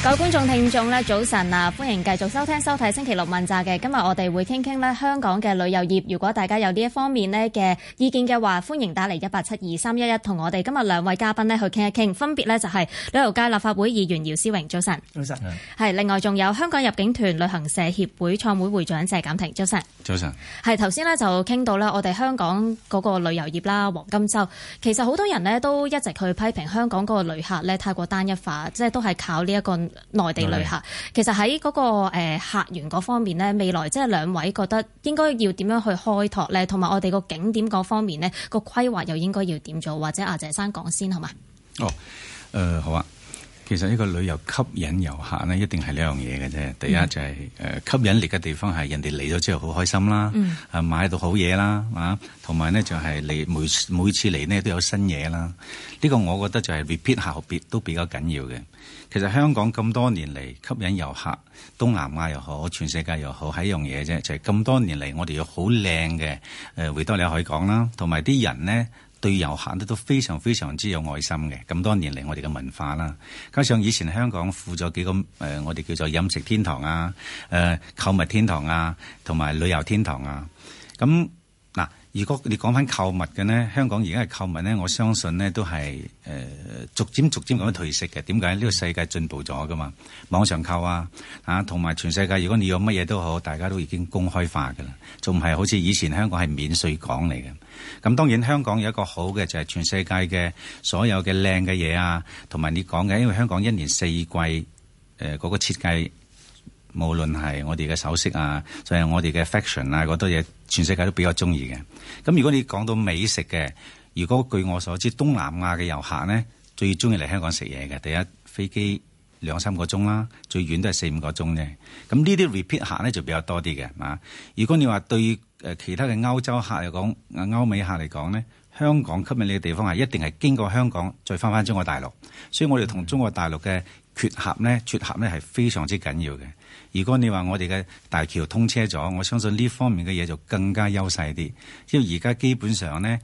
各位觀眾、聽眾咧，早晨啊！歡迎繼續收聽、收睇《星期六問責》嘅。今日我哋會傾傾咧香港嘅旅遊業。如果大家有呢一方面咧嘅意見嘅話，歡迎打嚟一八七二三一一，同我哋今日兩位嘉賓咧去傾一傾。分別呢就係旅遊界立法會議員姚思榮，早晨。早晨係。另外仲有香港入境團旅行社協會創會會長謝淦廷，早晨。早晨係。頭先呢，就傾到咧，我哋香港嗰個旅遊業啦，黃金周，其實好多人呢都一直去批評香港嗰個旅客呢太過單一化，即係都係靠呢、這、一個。內地旅客，其實喺嗰個客源嗰方面呢，未來即係兩位覺得應該要點樣去開拓呢？同埋我哋個景點嗰方面呢，個規劃又應該要點做，或者阿謝生講先，先好嘛？哦，誒、呃、好啊。其實呢個旅遊吸引遊客咧，一定係兩樣嘢嘅啫。第一就係、是、誒、mm. 呃、吸引力嘅地方係人哋嚟咗之後好開心啦，啊、mm. 買到好嘢啦，啊同埋咧就係、是、嚟每每次嚟呢都有新嘢啦。呢、這個我覺得就係 repeat 後別都比較緊要嘅。其實香港咁多年嚟吸引遊客，東南亞又好，全世界又好，係一樣嘢啫。就係、是、咁多年嚟，我哋有好靚嘅誒，維多利亞海港啦，同埋啲人咧。對遊客都非常非常之有愛心嘅，咁多年嚟我哋嘅文化啦，加上以前香港富咗幾個誒、呃，我哋叫做飲食天堂啊、誒、呃、購物天堂啊、同埋旅遊天堂啊，咁、嗯。如果你講翻購物嘅呢，香港而家係購物呢。我相信呢都係誒、呃、逐漸逐漸咁樣褪色嘅。點解？呢個世界進步咗噶嘛，網上購啊，啊同埋全世界，如果你有乜嘢都好，大家都已經公開化嘅啦，仲唔係好似以前香港係免稅港嚟嘅？咁當然香港有一個好嘅就係、是、全世界嘅所有嘅靚嘅嘢啊，同埋你講嘅，因為香港一年四季誒嗰、呃那個設計。無論係我哋嘅首飾啊，仲有我哋嘅 fashion 啊，嗰多嘢，全世界都比較中意嘅。咁如果你講到美食嘅，如果據我所知，東南亞嘅遊客呢，最中意嚟香港食嘢嘅。第一飛機兩三個鐘啦，最遠都係四五個鐘啫。咁呢啲 repeat 客呢，就比較多啲嘅嗱。如果你話對誒其他嘅歐洲客嚟講，啊歐美客嚟講呢，香港吸引你嘅地方係一定係經過香港再返返中國大陸，所以我哋同中國大陸嘅結、嗯、結合呢，結合呢係非常之緊要嘅。如果你話我哋嘅大橋通車咗，我相信呢方面嘅嘢就更加優勢啲。因為而家基本上咧，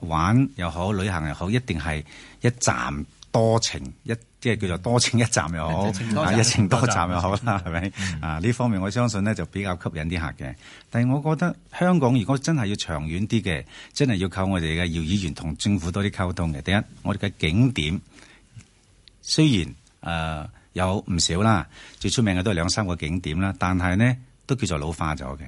玩又好，旅行又好，一定係一站多程，一即係叫做多程一站又好，嗯、一程多站又好啦，係咪？嗯、啊，呢方面我相信呢就比較吸引啲客嘅。但係我覺得香港如果真係要長遠啲嘅，真係要靠我哋嘅議員同政府多啲溝通嘅。第一，我哋嘅景點雖然誒，呃有唔少啦，最出名嘅都係兩三個景點啦，但係咧都叫做老化咗嘅。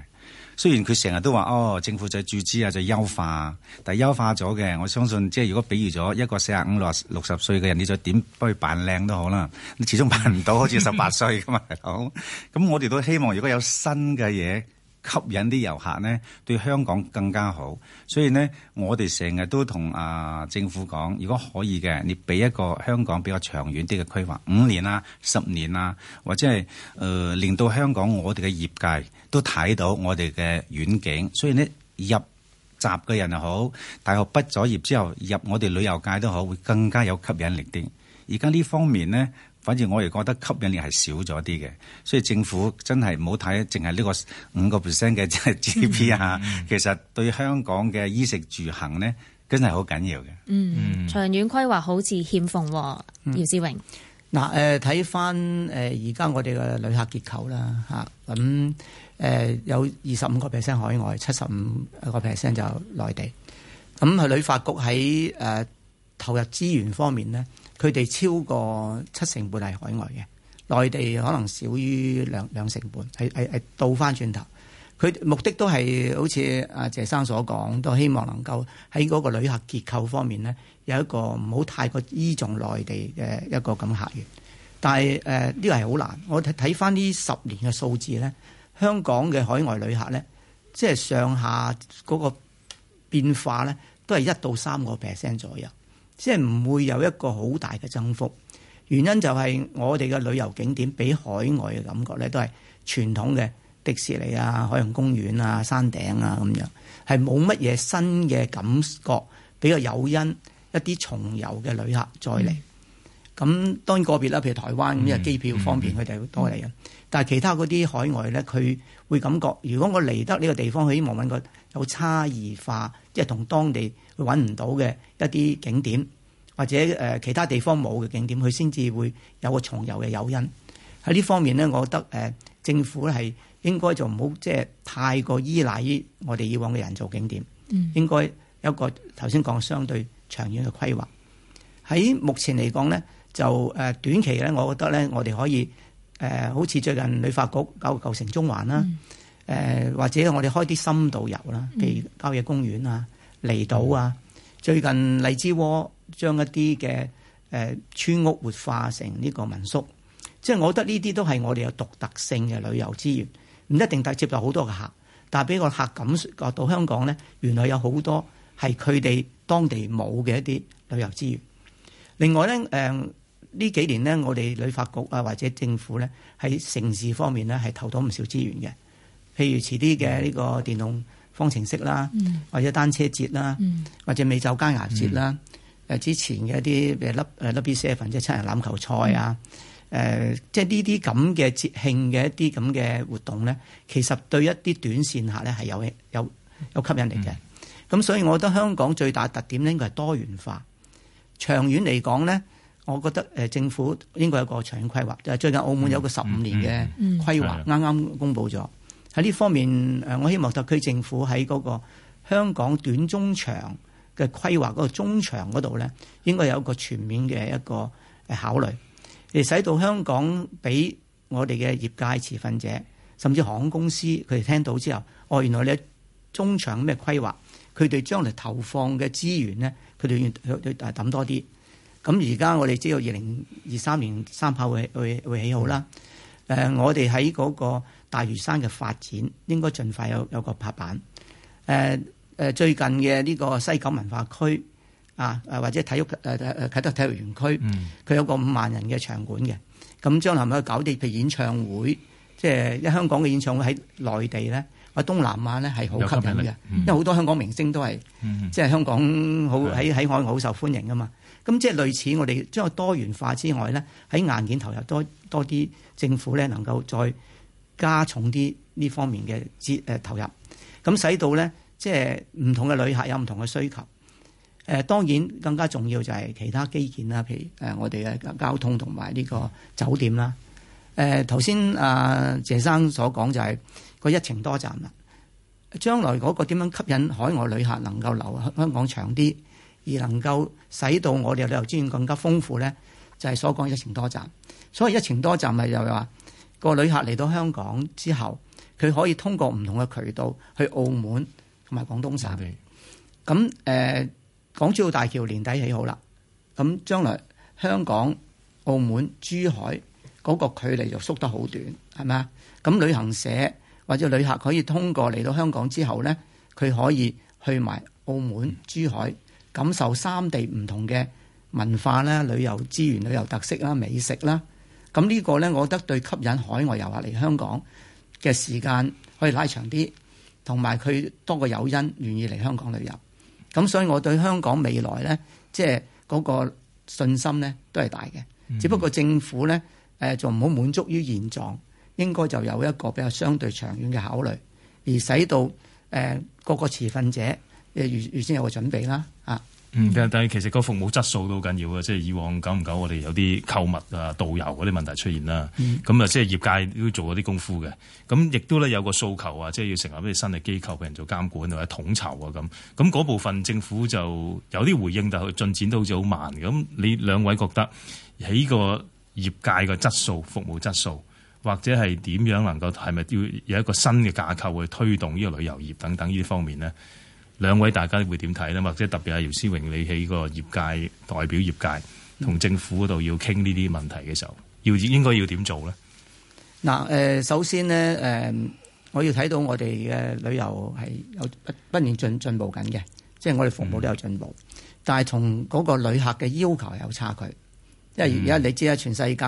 雖然佢成日都話哦，政府就注資啊，就係優化，但係優化咗嘅，我相信即係如果比如咗一個四十五、六六十歲嘅人，你再點幫佢扮靚都好啦，你始終扮唔到好似十八歲咁啊！好嘛，咁 (laughs) (laughs) 我哋都希望如果有新嘅嘢。吸引啲遊客呢，對香港更加好。所以呢，我哋成日都同啊政府講，如果可以嘅，你俾一個香港比較長遠啲嘅規劃，五年啦、十年啦，或者係誒、呃、令到香港我哋嘅業界都睇到我哋嘅遠景。所以呢，入閘嘅人又好，大學畢咗業之後入我哋旅遊界都好，會更加有吸引力啲。而家呢方面呢。反正我亦覺得吸引力係少咗啲嘅，所以政府真係唔好睇，淨係呢個五個 percent 嘅 GDP 啊，嗯、其實對香港嘅衣食住行咧，真係好緊要嘅。嗯，嗯，長遠規劃好似欠奉喎，嗯、姚思榮。嗱，誒睇返誒而家我哋嘅旅客結構啦，嚇，咁誒有二十五個 percent 海外，七十五個 percent 就內地。咁係旅發局喺誒投入資源方面咧。佢哋超過七成半係海外嘅，內地可能少於兩兩成半，係係係倒翻轉頭。佢目的都係好似阿謝生所講，都希望能夠喺嗰個旅客結構方面咧，有一個唔好太過依重內地嘅一個咁客源。嘅。但係誒呢個係好難。我睇睇翻呢十年嘅數字咧，香港嘅海外旅客咧，即係上下嗰個變化咧，都係一到三個 percent 左右。即係唔會有一個好大嘅增幅，原因就係我哋嘅旅遊景點比海外嘅感覺咧，都係傳統嘅迪士尼啊、海洋公園啊、山頂啊咁樣，係冇乜嘢新嘅感覺，比較有因一啲重遊嘅旅客再嚟。咁、嗯、當然個別啦，譬如台灣咁啊，因為機票方便，佢哋、嗯嗯、多嚟啊。但係其他嗰啲海外咧，佢會感覺如果我嚟得呢個地方，佢希望搵個有差異化，即係同當地。揾唔到嘅一啲景點，或者誒、呃、其他地方冇嘅景點，佢先至會有個重遊嘅誘因。喺呢方面咧，我覺得誒、呃、政府係應該就唔好即係太過依賴於我哋以往嘅人造景點，嗯、應該有一個頭先講相對長遠嘅規劃。喺目前嚟講咧，就誒、呃、短期咧，我覺得咧，我哋可以誒、呃、好似最近旅發局搞個舊城中環啦，誒、嗯呃、或者我哋開啲深度遊啦，譬如郊野公園啊。嗯離島啊，最近荔枝窩將一啲嘅誒村屋活化成呢個民宿，即係我覺得呢啲都係我哋有獨特性嘅旅遊資源，唔一定帶接待好多嘅客，但係俾個客感受到香港呢，原來有好多係佢哋當地冇嘅一啲旅遊資源。另外咧，誒、呃、呢幾年呢，我哋旅發局啊或者政府咧，喺城市方面呢，係投到唔少資源嘅，譬如遲啲嘅呢個電動。方程式啦，嗯、或者單車節啦，嗯、或者美酒佳餚節啦，誒、嗯、之前嘅一啲誒粒誒粒 B Seven，即係七人欖球賽啊，誒即係呢啲咁嘅節慶嘅一啲咁嘅活動咧，其實對一啲短線客咧係有有有吸引力嘅。咁、嗯、所以，我覺得香港最大特點應該係多元化。長遠嚟講咧，我覺得誒政府應該有一個長遠規劃。誒、就係、最近澳門有個十五年嘅規劃，啱啱、嗯嗯嗯嗯嗯、公布咗。喺呢方面，誒，我希望特區政府喺嗰個香港短中長嘅規劃嗰個中長嗰度咧，應該有一個全面嘅一個誒考慮，而使到香港俾我哋嘅業界持份者，甚至航空公司，佢哋聽到之後，哦，原來你中長咩規劃，佢哋將來投放嘅資源咧，佢哋要要誒揼多啲。咁而家我哋知道，二零二三年三跑會會會，會起好啦。誒，我哋喺嗰個。大嶼山嘅發展應該盡快有有個拍板。誒、呃、誒，最近嘅呢個西九文化區啊，誒或者體育誒誒、呃、啟德體育園區，佢有個五萬人嘅場館嘅。咁將嚟咪可以搞地嘅演唱會，即係喺香港嘅演唱會喺內地咧或東南亞咧係好吸引嘅，嗯、因為好多香港明星都係即係香港好喺喺的海外好受歡迎噶嘛。咁即係類似我哋將個多元化之外咧，喺硬件投入多多啲，多政府咧能夠再。加重啲呢方面嘅資誒投入，咁使到咧即係唔同嘅旅客有唔同嘅需求。誒當然更加重要就係其他基建啦，譬如誒我哋嘅交通同埋呢個酒店啦。誒頭先、呃、阿謝生所講就係個一程多站啦。將來嗰個點樣吸引海外旅客能夠留香港長啲，而能夠使到我哋嘅旅遊資源更加豐富咧，就係、是、所講一程多站。所以一程多站咪就話。個旅客嚟到香港之後，佢可以通過唔同嘅渠道去澳門同埋廣東省。咁誒，呃，港珠澳大橋年底起好啦。咁將來香港、澳門、珠海嗰個距離就縮得好短，係咪啊？咁旅行社或者旅客可以通過嚟到香港之後呢，佢可以去埋澳門、珠海，感受三地唔同嘅文化啦、旅遊資源、旅遊特色啦、美食啦。咁呢個呢，我覺得對吸引海外遊客嚟香港嘅時間可以拉長啲，同埋佢多個誘因，願意嚟香港旅遊。咁所以我對香港未來呢，即係嗰個信心呢，都係大嘅。只不過政府呢，誒仲唔好滿足於現狀，應該就有一個比較相對長遠嘅考慮，而使到誒各個持份者誒預預先有個準備啦，啊！嗯，但係其實個服務質素都好緊要嘅，即係以往久唔久我哋有啲購物啊、導遊嗰啲問題出現啦。咁啊、嗯，嗯嗯、即係業界都做咗啲功夫嘅，咁亦都咧有個訴求啊，即係要成立咩新嘅機構俾人做監管或者統籌啊咁。咁嗰部分政府就有啲回應，但係進展都好似好慢嘅。咁你兩位覺得喺個業界個質素、服務質素，或者係點樣能夠係咪要有一個新嘅架構去推動呢個旅遊業等等呢啲方面呢？兩位大家會點睇呢？或者特別係姚思榮，你喺個業界代表業界同政府嗰度要傾呢啲問題嘅時候，要應該要點做呢？嗱，誒，首先呢，誒，我要睇到我哋嘅旅遊係有不不斷進進步緊嘅，即係我哋服務都有進步，嗯、但係同嗰個旅客嘅要求有差距。因為而家你知啦，全世界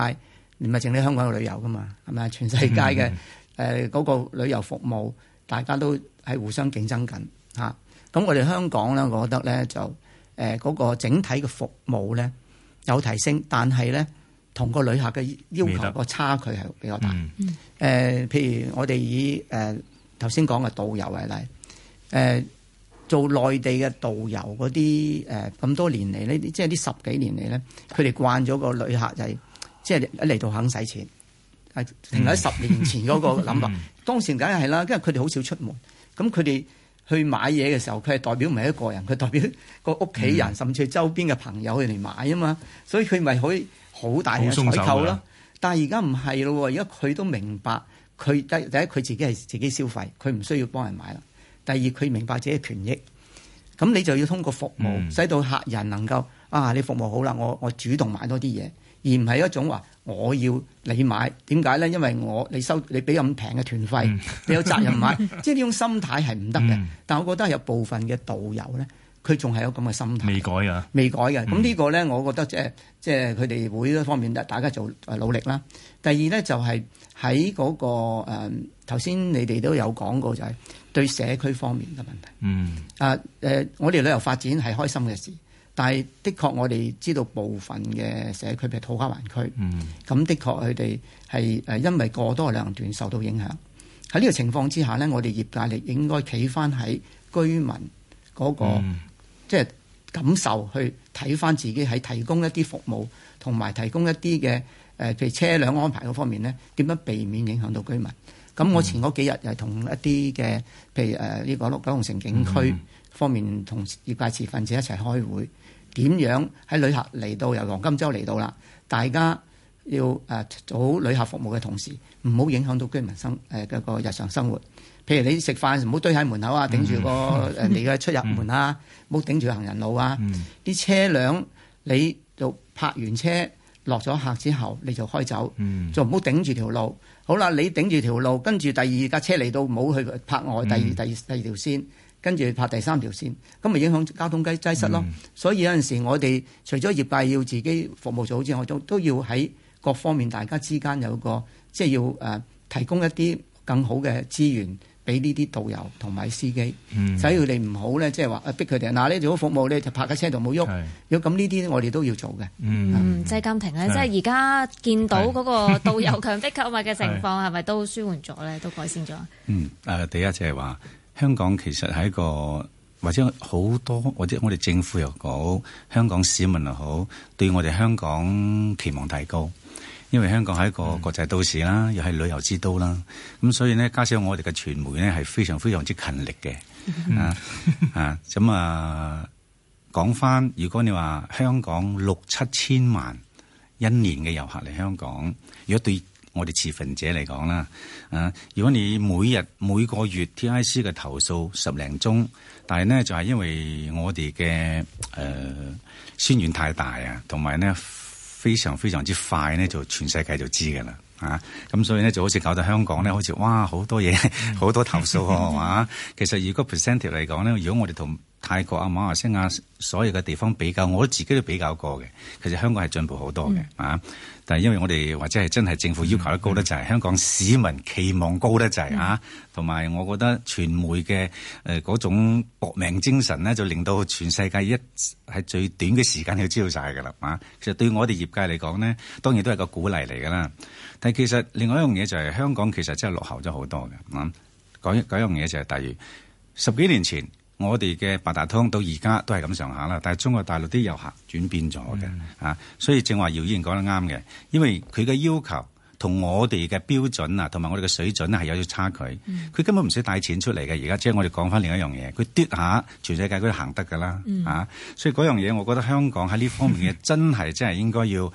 唔係淨係香港嘅旅遊噶嘛，係咪？全世界嘅誒嗰個旅遊服務，嗯、大家都係互相競爭緊嚇。咁我哋香港咧，我覺得咧就誒嗰、呃那個整體嘅服務咧有提升，但係咧同個旅客嘅要求個差距係比較大。誒、嗯呃，譬如我哋以誒頭先講嘅導遊為例，誒、呃、做內地嘅導遊嗰啲誒咁多年嚟呢，即係呢十幾年嚟咧，佢哋慣咗個旅客就係、是、即係一嚟到肯使錢。係停留喺十年前嗰個諗法，嗯、 (laughs) 當時梗係係啦，因為佢哋好少出門，咁佢哋。.去買嘢嘅時候，佢係代表唔係一個人，佢代表個屋企人，嗯、甚至係周邊嘅朋友去嚟買啊嘛，所以佢咪可以好大嘅採購咯。啊、但係而家唔係咯，而家佢都明白，佢第第一佢自己係自己消費，佢唔需要幫人買啦。第二佢明白自己嘅權益，咁你就要通過服務，嗯、使到客人能夠啊，你服務好啦，我我主動買多啲嘢，而唔係一種話。我要你買，點解咧？因為我，你收，你俾咁平嘅團費，嗯、你有責任買， (laughs) 即係呢種心態係唔得嘅。嗯、但係我覺得有部分嘅導遊咧，佢仲係有咁嘅心態。未改啊？未改嘅。咁呢、嗯、個咧，我覺得即係即係佢哋會一方面，大家做努力啦。第二咧就係喺嗰個誒頭先你哋都有講過，就係對社區方面嘅問題。嗯。啊誒、呃，我哋旅遊發展係開心嘅事。但係，的確我哋知道部分嘅社區，譬如土瓜灣區，咁、嗯、的確佢哋係誒因為過多嘅量段受到影響。喺呢個情況之下呢，我哋業界亦應該企翻喺居民嗰、那個、嗯、即係感受去睇翻自己喺提供一啲服務同埋提供一啲嘅誒譬如車輛安排嗰方面呢點樣避免影響到居民？咁我前嗰幾日又係同一啲嘅譬如誒呢、呃這個六九龍城警區方面同業界持份者一齊開會。點樣喺旅客嚟到由黃金周嚟到啦？大家要誒做好旅客服務嘅同時，唔好影響到居民生誒嘅個日常生活。譬如你食飯唔好堆喺門口啊，頂住個人哋嘅出入門啊，唔好 (laughs) 頂住行人路啊。啲 (laughs) 車輛你就泊完車落咗客之後，你就開走，就唔好頂住條路。好啦，你頂住條路，跟住第二架車嚟到，唔好去泊外第二第二第二條線。跟住拍第三條線，咁咪影響交通擠擠塞咯。嗯、所以有陣時我哋除咗業界要自己服務做好之外，都都要喺各方面大家之間有個即係、就是、要誒提供一啲更好嘅資源俾呢啲導遊同埋司機。使佢哋唔好咧，即係話逼佢哋嗱咧做好服務咧，就泊喺車度冇喐。如果咁呢啲，這這我哋都要做嘅。嗯，嗯即擠金瓶咧，是即係而家見到嗰個導遊強迫購物嘅情況是，係咪是都舒緩咗咧？都改善咗？嗯，誒，第一就係話。香港其實係一個，或者好多，或者我哋政府又好，香港市民又好，對我哋香港期望太高，因為香港係一個國際都市啦，嗯、又係旅遊之都啦，咁所以呢，加上我哋嘅傳媒呢係非常非常之勤力嘅，啊、嗯、啊，咁 (laughs) 啊，講翻，如果你話香港六七千萬一年嘅遊客嚟香港，如果對，我哋持份者嚟講啦，啊！如果你每日每個月 TIC 嘅投訴十零宗，但係呢就係因為我哋嘅誒宣傳太大啊，同埋呢非常非常之快呢，就全世界就知㗎啦啊！咁所以呢就好似搞到香港呢，好似哇好多嘢，好多投訴喎， (laughs) 其實如果 percentage 嚟講呢，如果我哋同泰國啊、馬來西亞所有嘅地方比較，我自己都比較過嘅，其實香港係進步好多嘅啊！嗯因為我哋或者係真係政府要求得高得滯，嗯、香港市民期望高得滯、嗯、啊！同埋，我覺得傳媒嘅誒嗰種搏命精神咧，就令到全世界一係最短嘅時間去知道晒噶啦嘛。其實對我哋業界嚟講咧，當然都係個鼓勵嚟噶啦。但係其實另外一樣嘢就係、是、香港其實真係落後咗好多嘅。講講一樣嘢就係，大約十幾年前。我哋嘅八達通到而家都係咁上下啦，但係中國大陸啲遊客轉變咗嘅，啊，所以正話姚議員講得啱嘅，因為佢嘅要求同我哋嘅標準啊，同埋我哋嘅水準係有啲差距，佢根本唔使帶錢出嚟嘅。而家即係我哋講返另一樣嘢，佢跌下全世界佢都行得㗎啦，啊，所以嗰樣嘢，我覺得香港喺呢方面嘅、嗯、真係真係應該要。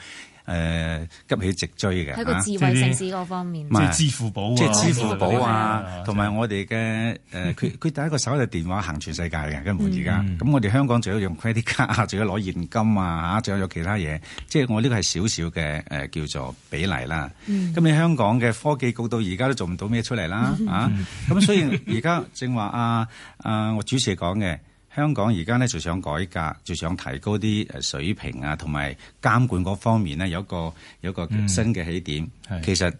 誒、呃、急起直追嘅喺個智慧城市嗰方面，即係支付寶，即係支付寶啊，同埋我哋嘅誒，佢佢打一個手提電話行全世界嘅，根本而家，咁、嗯、我哋香港仲要用 credit card，仲要攞現金啊，嚇、啊，仲有有其他嘢，即、就、係、是、我呢個係少少嘅誒叫做比例啦。咁、嗯、你香港嘅科技局到而家都做唔到咩出嚟啦、嗯嗯啊？啊，咁所以而家正話啊啊，我主持講嘅。香港而家咧就想改革，就想提高啲誒水平啊，同埋監管嗰方面咧有一個有一個新嘅起點。嗯、其實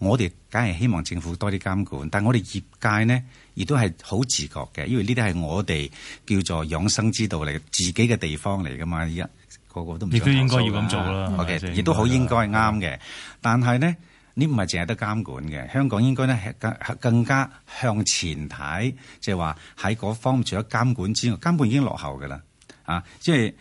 我哋梗係希望政府多啲監管，但係我哋業界咧亦都係好自覺嘅，因為呢啲係我哋叫做養生之道嚟，自己嘅地方嚟噶嘛。依家個個都唔亦都應該要咁做啦。吧 OK，亦都好應該啱嘅，吧但係咧。呢唔係淨係得監管嘅，香港應該咧更加向前睇，即係話喺嗰方面除咗監管之外，監管已經落後嘅啦。啊，即係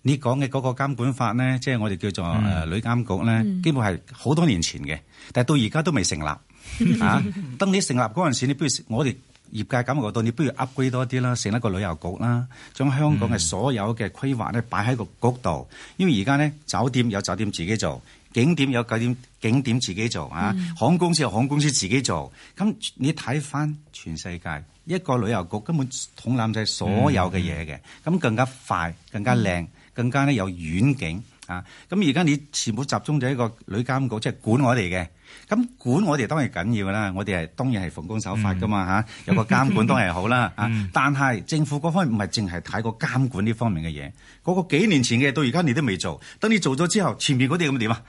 你講嘅嗰個監管法咧，即係我哋叫做誒、呃、旅監局咧，嗯、基本係好多年前嘅，但係到而家都未成立。嚇、啊，當 (laughs) 你成立嗰陣時，你不如我哋業界感覺到，你不如 upgrade 多啲啦，成一個旅遊局啦，將香港嘅所有嘅規劃咧擺喺個局度，嗯、因為而家咧酒店有酒店自己做。景點有九點景點自己做啊，航空、嗯、公司有航空公司自己做。咁你睇返全世界一個旅遊局根本統攬晒所有嘅嘢嘅，咁、嗯、更加快、更加靚、嗯、更加咧有遠景啊！咁而家你全部集中咗一個旅監局，即、就、係、是、管我哋嘅。咁管我哋當然緊要啦，我哋係當然係奉公守法噶嘛嚇，有個監管當然好啦、 (laughs) 嗯、啊。但係政府嗰方面唔係淨係睇個監管呢方面嘅嘢，嗰、那個幾年前嘅到而家你都未做，等你做咗之後，前面嗰啲咁點啊？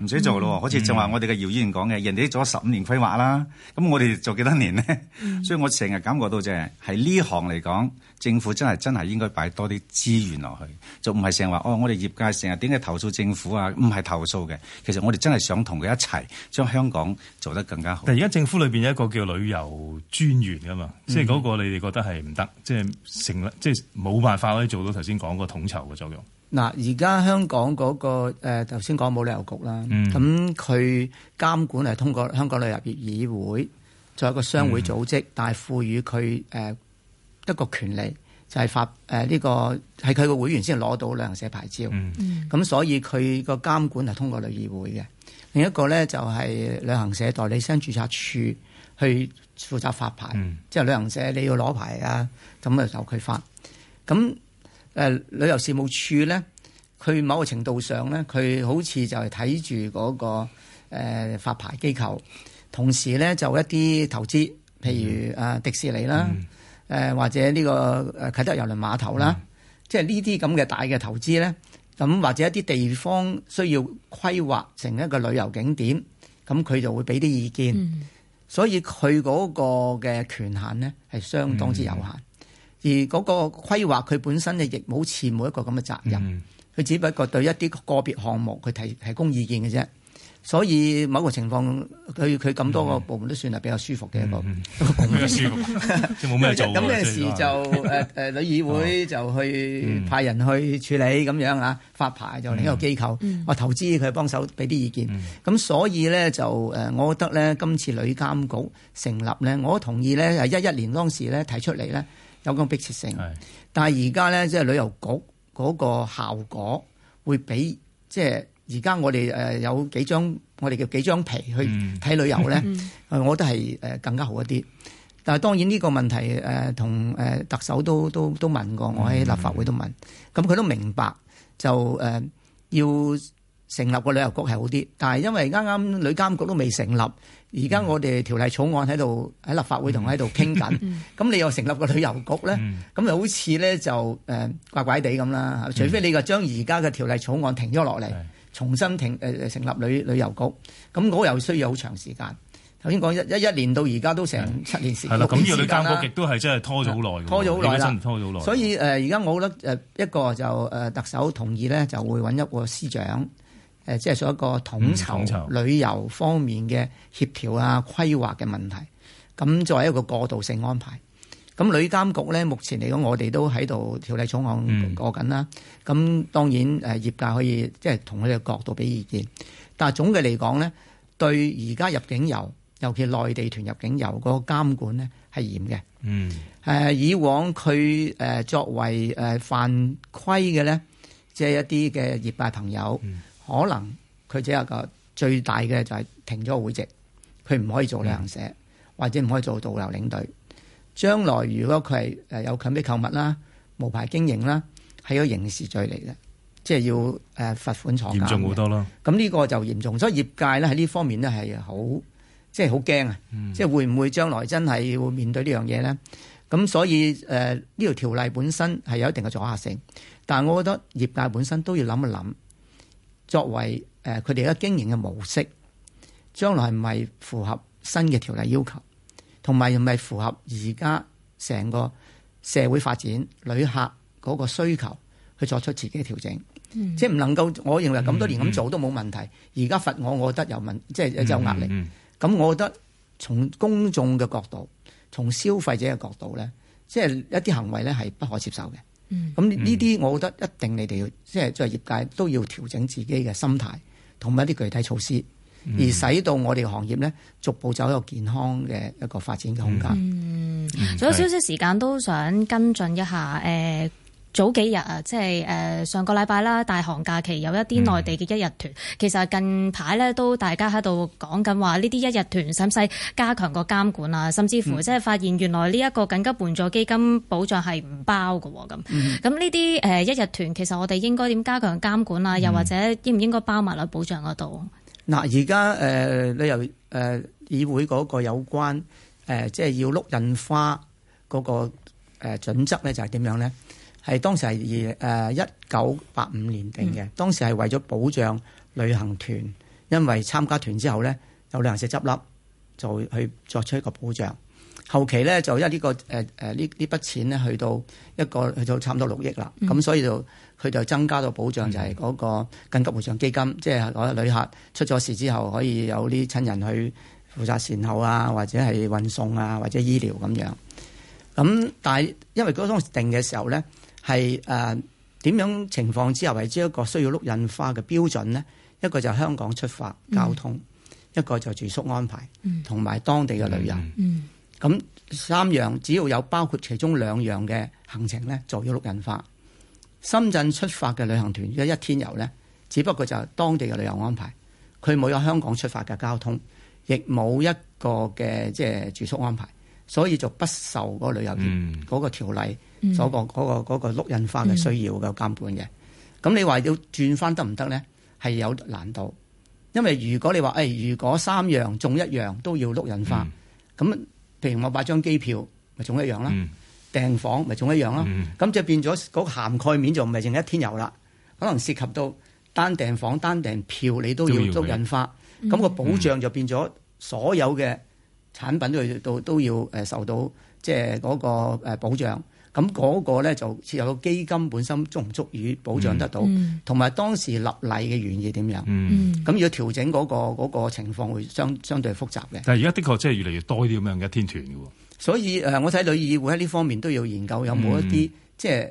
唔使做咯，好似就話我哋嘅姚議員講嘅，嗯、人哋都做咗十五年規劃啦，咁我哋做幾多年呢？嗯、所以我成日感覺到就係喺呢行嚟講，政府真係真係應該擺多啲資源落去，的就唔係成日話哦，我哋業界成日點解投訴政府啊？唔係投訴嘅，其實我哋真係想同佢一齊將香港做得更加好。但而家政府裏邊有一個叫旅遊專員噶嘛，嗯、即係嗰個你哋覺得係唔得，即係成立即係冇辦法可以做到頭先講個統籌嘅作用。嗱，而家香港嗰、那個誒頭先講冇旅遊局啦，咁佢、嗯、監管係通過香港旅遊業議會，作為一個商會組織，嗯、但係賦予佢誒、呃、一個權利就，就係發誒呢個係佢個會員先攞到旅行社牌照。咁、嗯、所以佢個監管係通過旅遊業議會嘅。另一個咧就係旅行社代理商註冊處去負責發牌，嗯、即係旅行社你要攞牌啊，咁就由佢發。咁誒、呃、旅遊事務處咧，佢某個程度上咧，佢好似就係睇住嗰個誒、呃、發牌機構，同時咧就一啲投資，譬如啊、呃、迪士尼啦，誒、呃、或者呢、這個誒、呃、啟德遊輪碼頭啦，嗯、即係呢啲咁嘅大嘅投資咧，咁、呃、或者一啲地方需要規劃成一個旅遊景點，咁、呃、佢就會俾啲意見，嗯、所以佢嗰個嘅權限咧係相當之有限。嗯而嗰個規劃佢本身嘅亦冇負冇一個咁嘅責任，佢只不過對一啲個別項目佢提提供意見嘅啫。所以某個情況，佢佢咁多個部門都算係比較舒服嘅一個，比較舒服。咁咩事就誒誒，旅議會就去派人去處理咁樣啊，發牌就另一個機構，話投資佢幫手俾啲意見。咁所以咧就誒，我覺得咧今次旅監局成立咧，我同意咧係一一年當時咧提出嚟咧。有咁迫切性，是但係而家咧，即、就、係、是、旅遊局嗰個效果會比即係而家我哋誒有幾張我哋叫幾張皮去睇旅遊咧，嗯、 (laughs) 我覺得係誒更加好一啲。但係當然呢個問題誒同誒特首都都都問過，我喺立法會都問，咁佢、嗯、都明白就誒、呃、要成立個旅遊局係好啲，但係因為啱啱旅監局都未成立。而家我哋條例草案喺度喺立法會同我喺度傾緊，咁 (laughs) 你又成立個旅遊局咧，咁又 (laughs) 好似咧就誒、呃、怪怪地咁啦嚇。除非你話將而家嘅條例草案停咗落嚟，重新停誒誒、呃、成立旅旅遊局，咁、那、我、個、又需要好長時間。頭先講一一一年到而家都成七年，的年時間啦。咁呢個旅監局亦都係真係拖咗好耐，拖咗好耐啦。拖所以誒，而、呃、家我覺得誒一個就誒、呃、特首同意咧，就會揾一個司長。誒，即係做一個統籌旅遊方面嘅協調啊、規劃嘅問題。咁作為、嗯、一個過渡性安排。咁旅監局咧，目前嚟講，我哋都喺度條例草案過緊啦。咁、嗯、當然誒，業界可以即係同佢嘅角度俾意見，但係總嘅嚟講咧，對而家入境遊，尤其內地團入境遊個監管咧係嚴嘅。嗯。誒、啊，以往佢誒作為誒犯規嘅咧，即係一啲嘅業界朋友。嗯可能佢只有個最大嘅就係停咗會籍，佢唔可以做旅行社，mm. 或者唔可以做導遊領隊。將來如果佢係誒有強迫購物啦、無牌經營啦，係個刑事罪嚟嘅，即係要誒罰款坐監。嚴重好多咯。咁呢個就嚴重，所以業界咧喺呢方面咧係好即係好驚啊！即係會唔會將來真係會面對呢樣嘢咧？咁所以誒呢條條例本身係有一定嘅阻嚇性，但我覺得業界本身都要諗一諗。作為誒佢哋而家經營嘅模式，將來係咪符合新嘅條例要求，同埋係咪符合而家成個社會發展旅客嗰個需求，去作出自己嘅調整？嗯、即係唔能夠，我認為咁多年咁、嗯嗯、做都冇問題，而家罰我，我覺得有問，即係有壓力。咁、嗯嗯嗯、我覺得從公眾嘅角度，從消費者嘅角度咧，即係一啲行為咧係不可接受嘅。咁呢啲，嗯、我覺得一定你哋、嗯、即係作為業界都要調整自己嘅心態，同埋一啲具體措施，嗯、而使到我哋行業咧逐步走一個健康嘅一個發展嘅空間。仲、嗯嗯、有少少時間都想跟進一下誒。呃早幾日啊，即係誒、呃、上個禮拜啦，大寒假期有一啲內地嘅一日團。其實近排咧都大家喺度講緊話，呢啲一日團使唔使加強個監管啊？甚至乎即係發現原來呢一個緊急援助基金保障係唔包嘅咁。咁呢啲誒一日團其實我哋應該點加強監管啊？又或者應唔應該包埋落保障嗰度？嗱、嗯，而家誒旅遊業議會嗰個有關誒、呃、即係要碌印花嗰、那個誒、呃、準則咧，就係點樣咧？係當時係二誒一九八五年定嘅，嗯、當時係為咗保障旅行團，因為參加團之後咧有旅行社執笠，就去作出一個保障。後期咧就因為呢、呢個誒誒呢呢筆錢咧去到一個去到差唔多六億啦，咁、嗯、所以就佢就增加咗保障，就係嗰個緊急賠償基金，即係攞哋旅客出咗事之後可以有啲親人去負責善後啊，或者係運送啊，或者醫療咁樣。咁但係因為嗰當時定嘅時候咧。係誒點樣情況之下為之一個需要碌印花嘅標準呢？一個就係香港出發交通，mm. 一個就住宿安排，同埋、mm. 當地嘅旅遊。咁、mm. 三樣只要有包括其中兩樣嘅行程呢，就要碌印花。深圳出發嘅旅行團如果一天遊呢，只不過就係當地嘅旅遊安排，佢冇有，有香港出發嘅交通，亦冇一個嘅即係住宿安排。所以就不受嗰個旅遊業嗰個、嗯、條例、嗯、所、那個嗰、那個碌、那個、印花嘅需要嘅監管嘅。咁你話要轉翻得唔得咧？係有難度，因為如果你話誒，如果三樣中一樣都要碌印花，咁譬如我買張機票咪中一樣啦，訂房咪中一樣啦，咁就係變咗嗰個涵蓋面就唔係淨係一天遊啦，可能涉及到單訂房、單訂票，你都要碌印花，咁個、嗯嗯嗯、保障就變咗所有嘅。產品都去到都要誒受到即係嗰個保障，咁嗰個咧就設有基金本身足唔足以保障得到，同埋、嗯、當時立例嘅原意點樣？咁、嗯、要調整嗰、嗰個嗰個情況會相相對複雜嘅。但係而家的確即係越嚟越多呢啲咁樣嘅天團嘅。所以誒，我睇旅議會喺呢方面都要研究有冇一啲、嗯、即係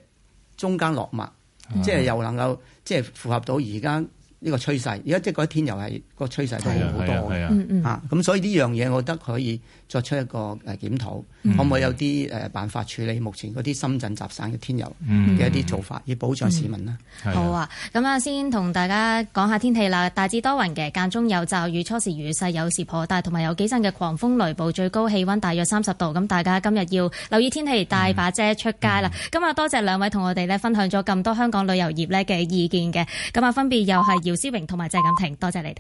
中間落墨，嗯、即係又能夠即係符合到而家呢個趨勢。而家即係嗰天又係。個趨勢都好好多嘅嚇，咁、嗯嗯啊、所以呢樣嘢，我覺得可以作出一個誒檢討，嗯、可唔可以有啲誒辦法處理目前嗰啲深圳集散嘅天遊嘅一啲做法，嗯、以保障市民呢？嗯、的好啊，咁啊，先同大家講下天氣啦，大致多雲嘅，間中有驟雨，初時雨勢有時頗大，同埋有，有幾陣嘅狂風雷暴，最高氣温大約三十度。咁大家今日要留意天氣，帶把遮出街啦。咁啊、嗯，嗯、多謝兩位同我哋咧分享咗咁多香港旅遊業咧嘅意見嘅。咁啊，分別又係姚思榮同埋謝淦廷，多謝你哋。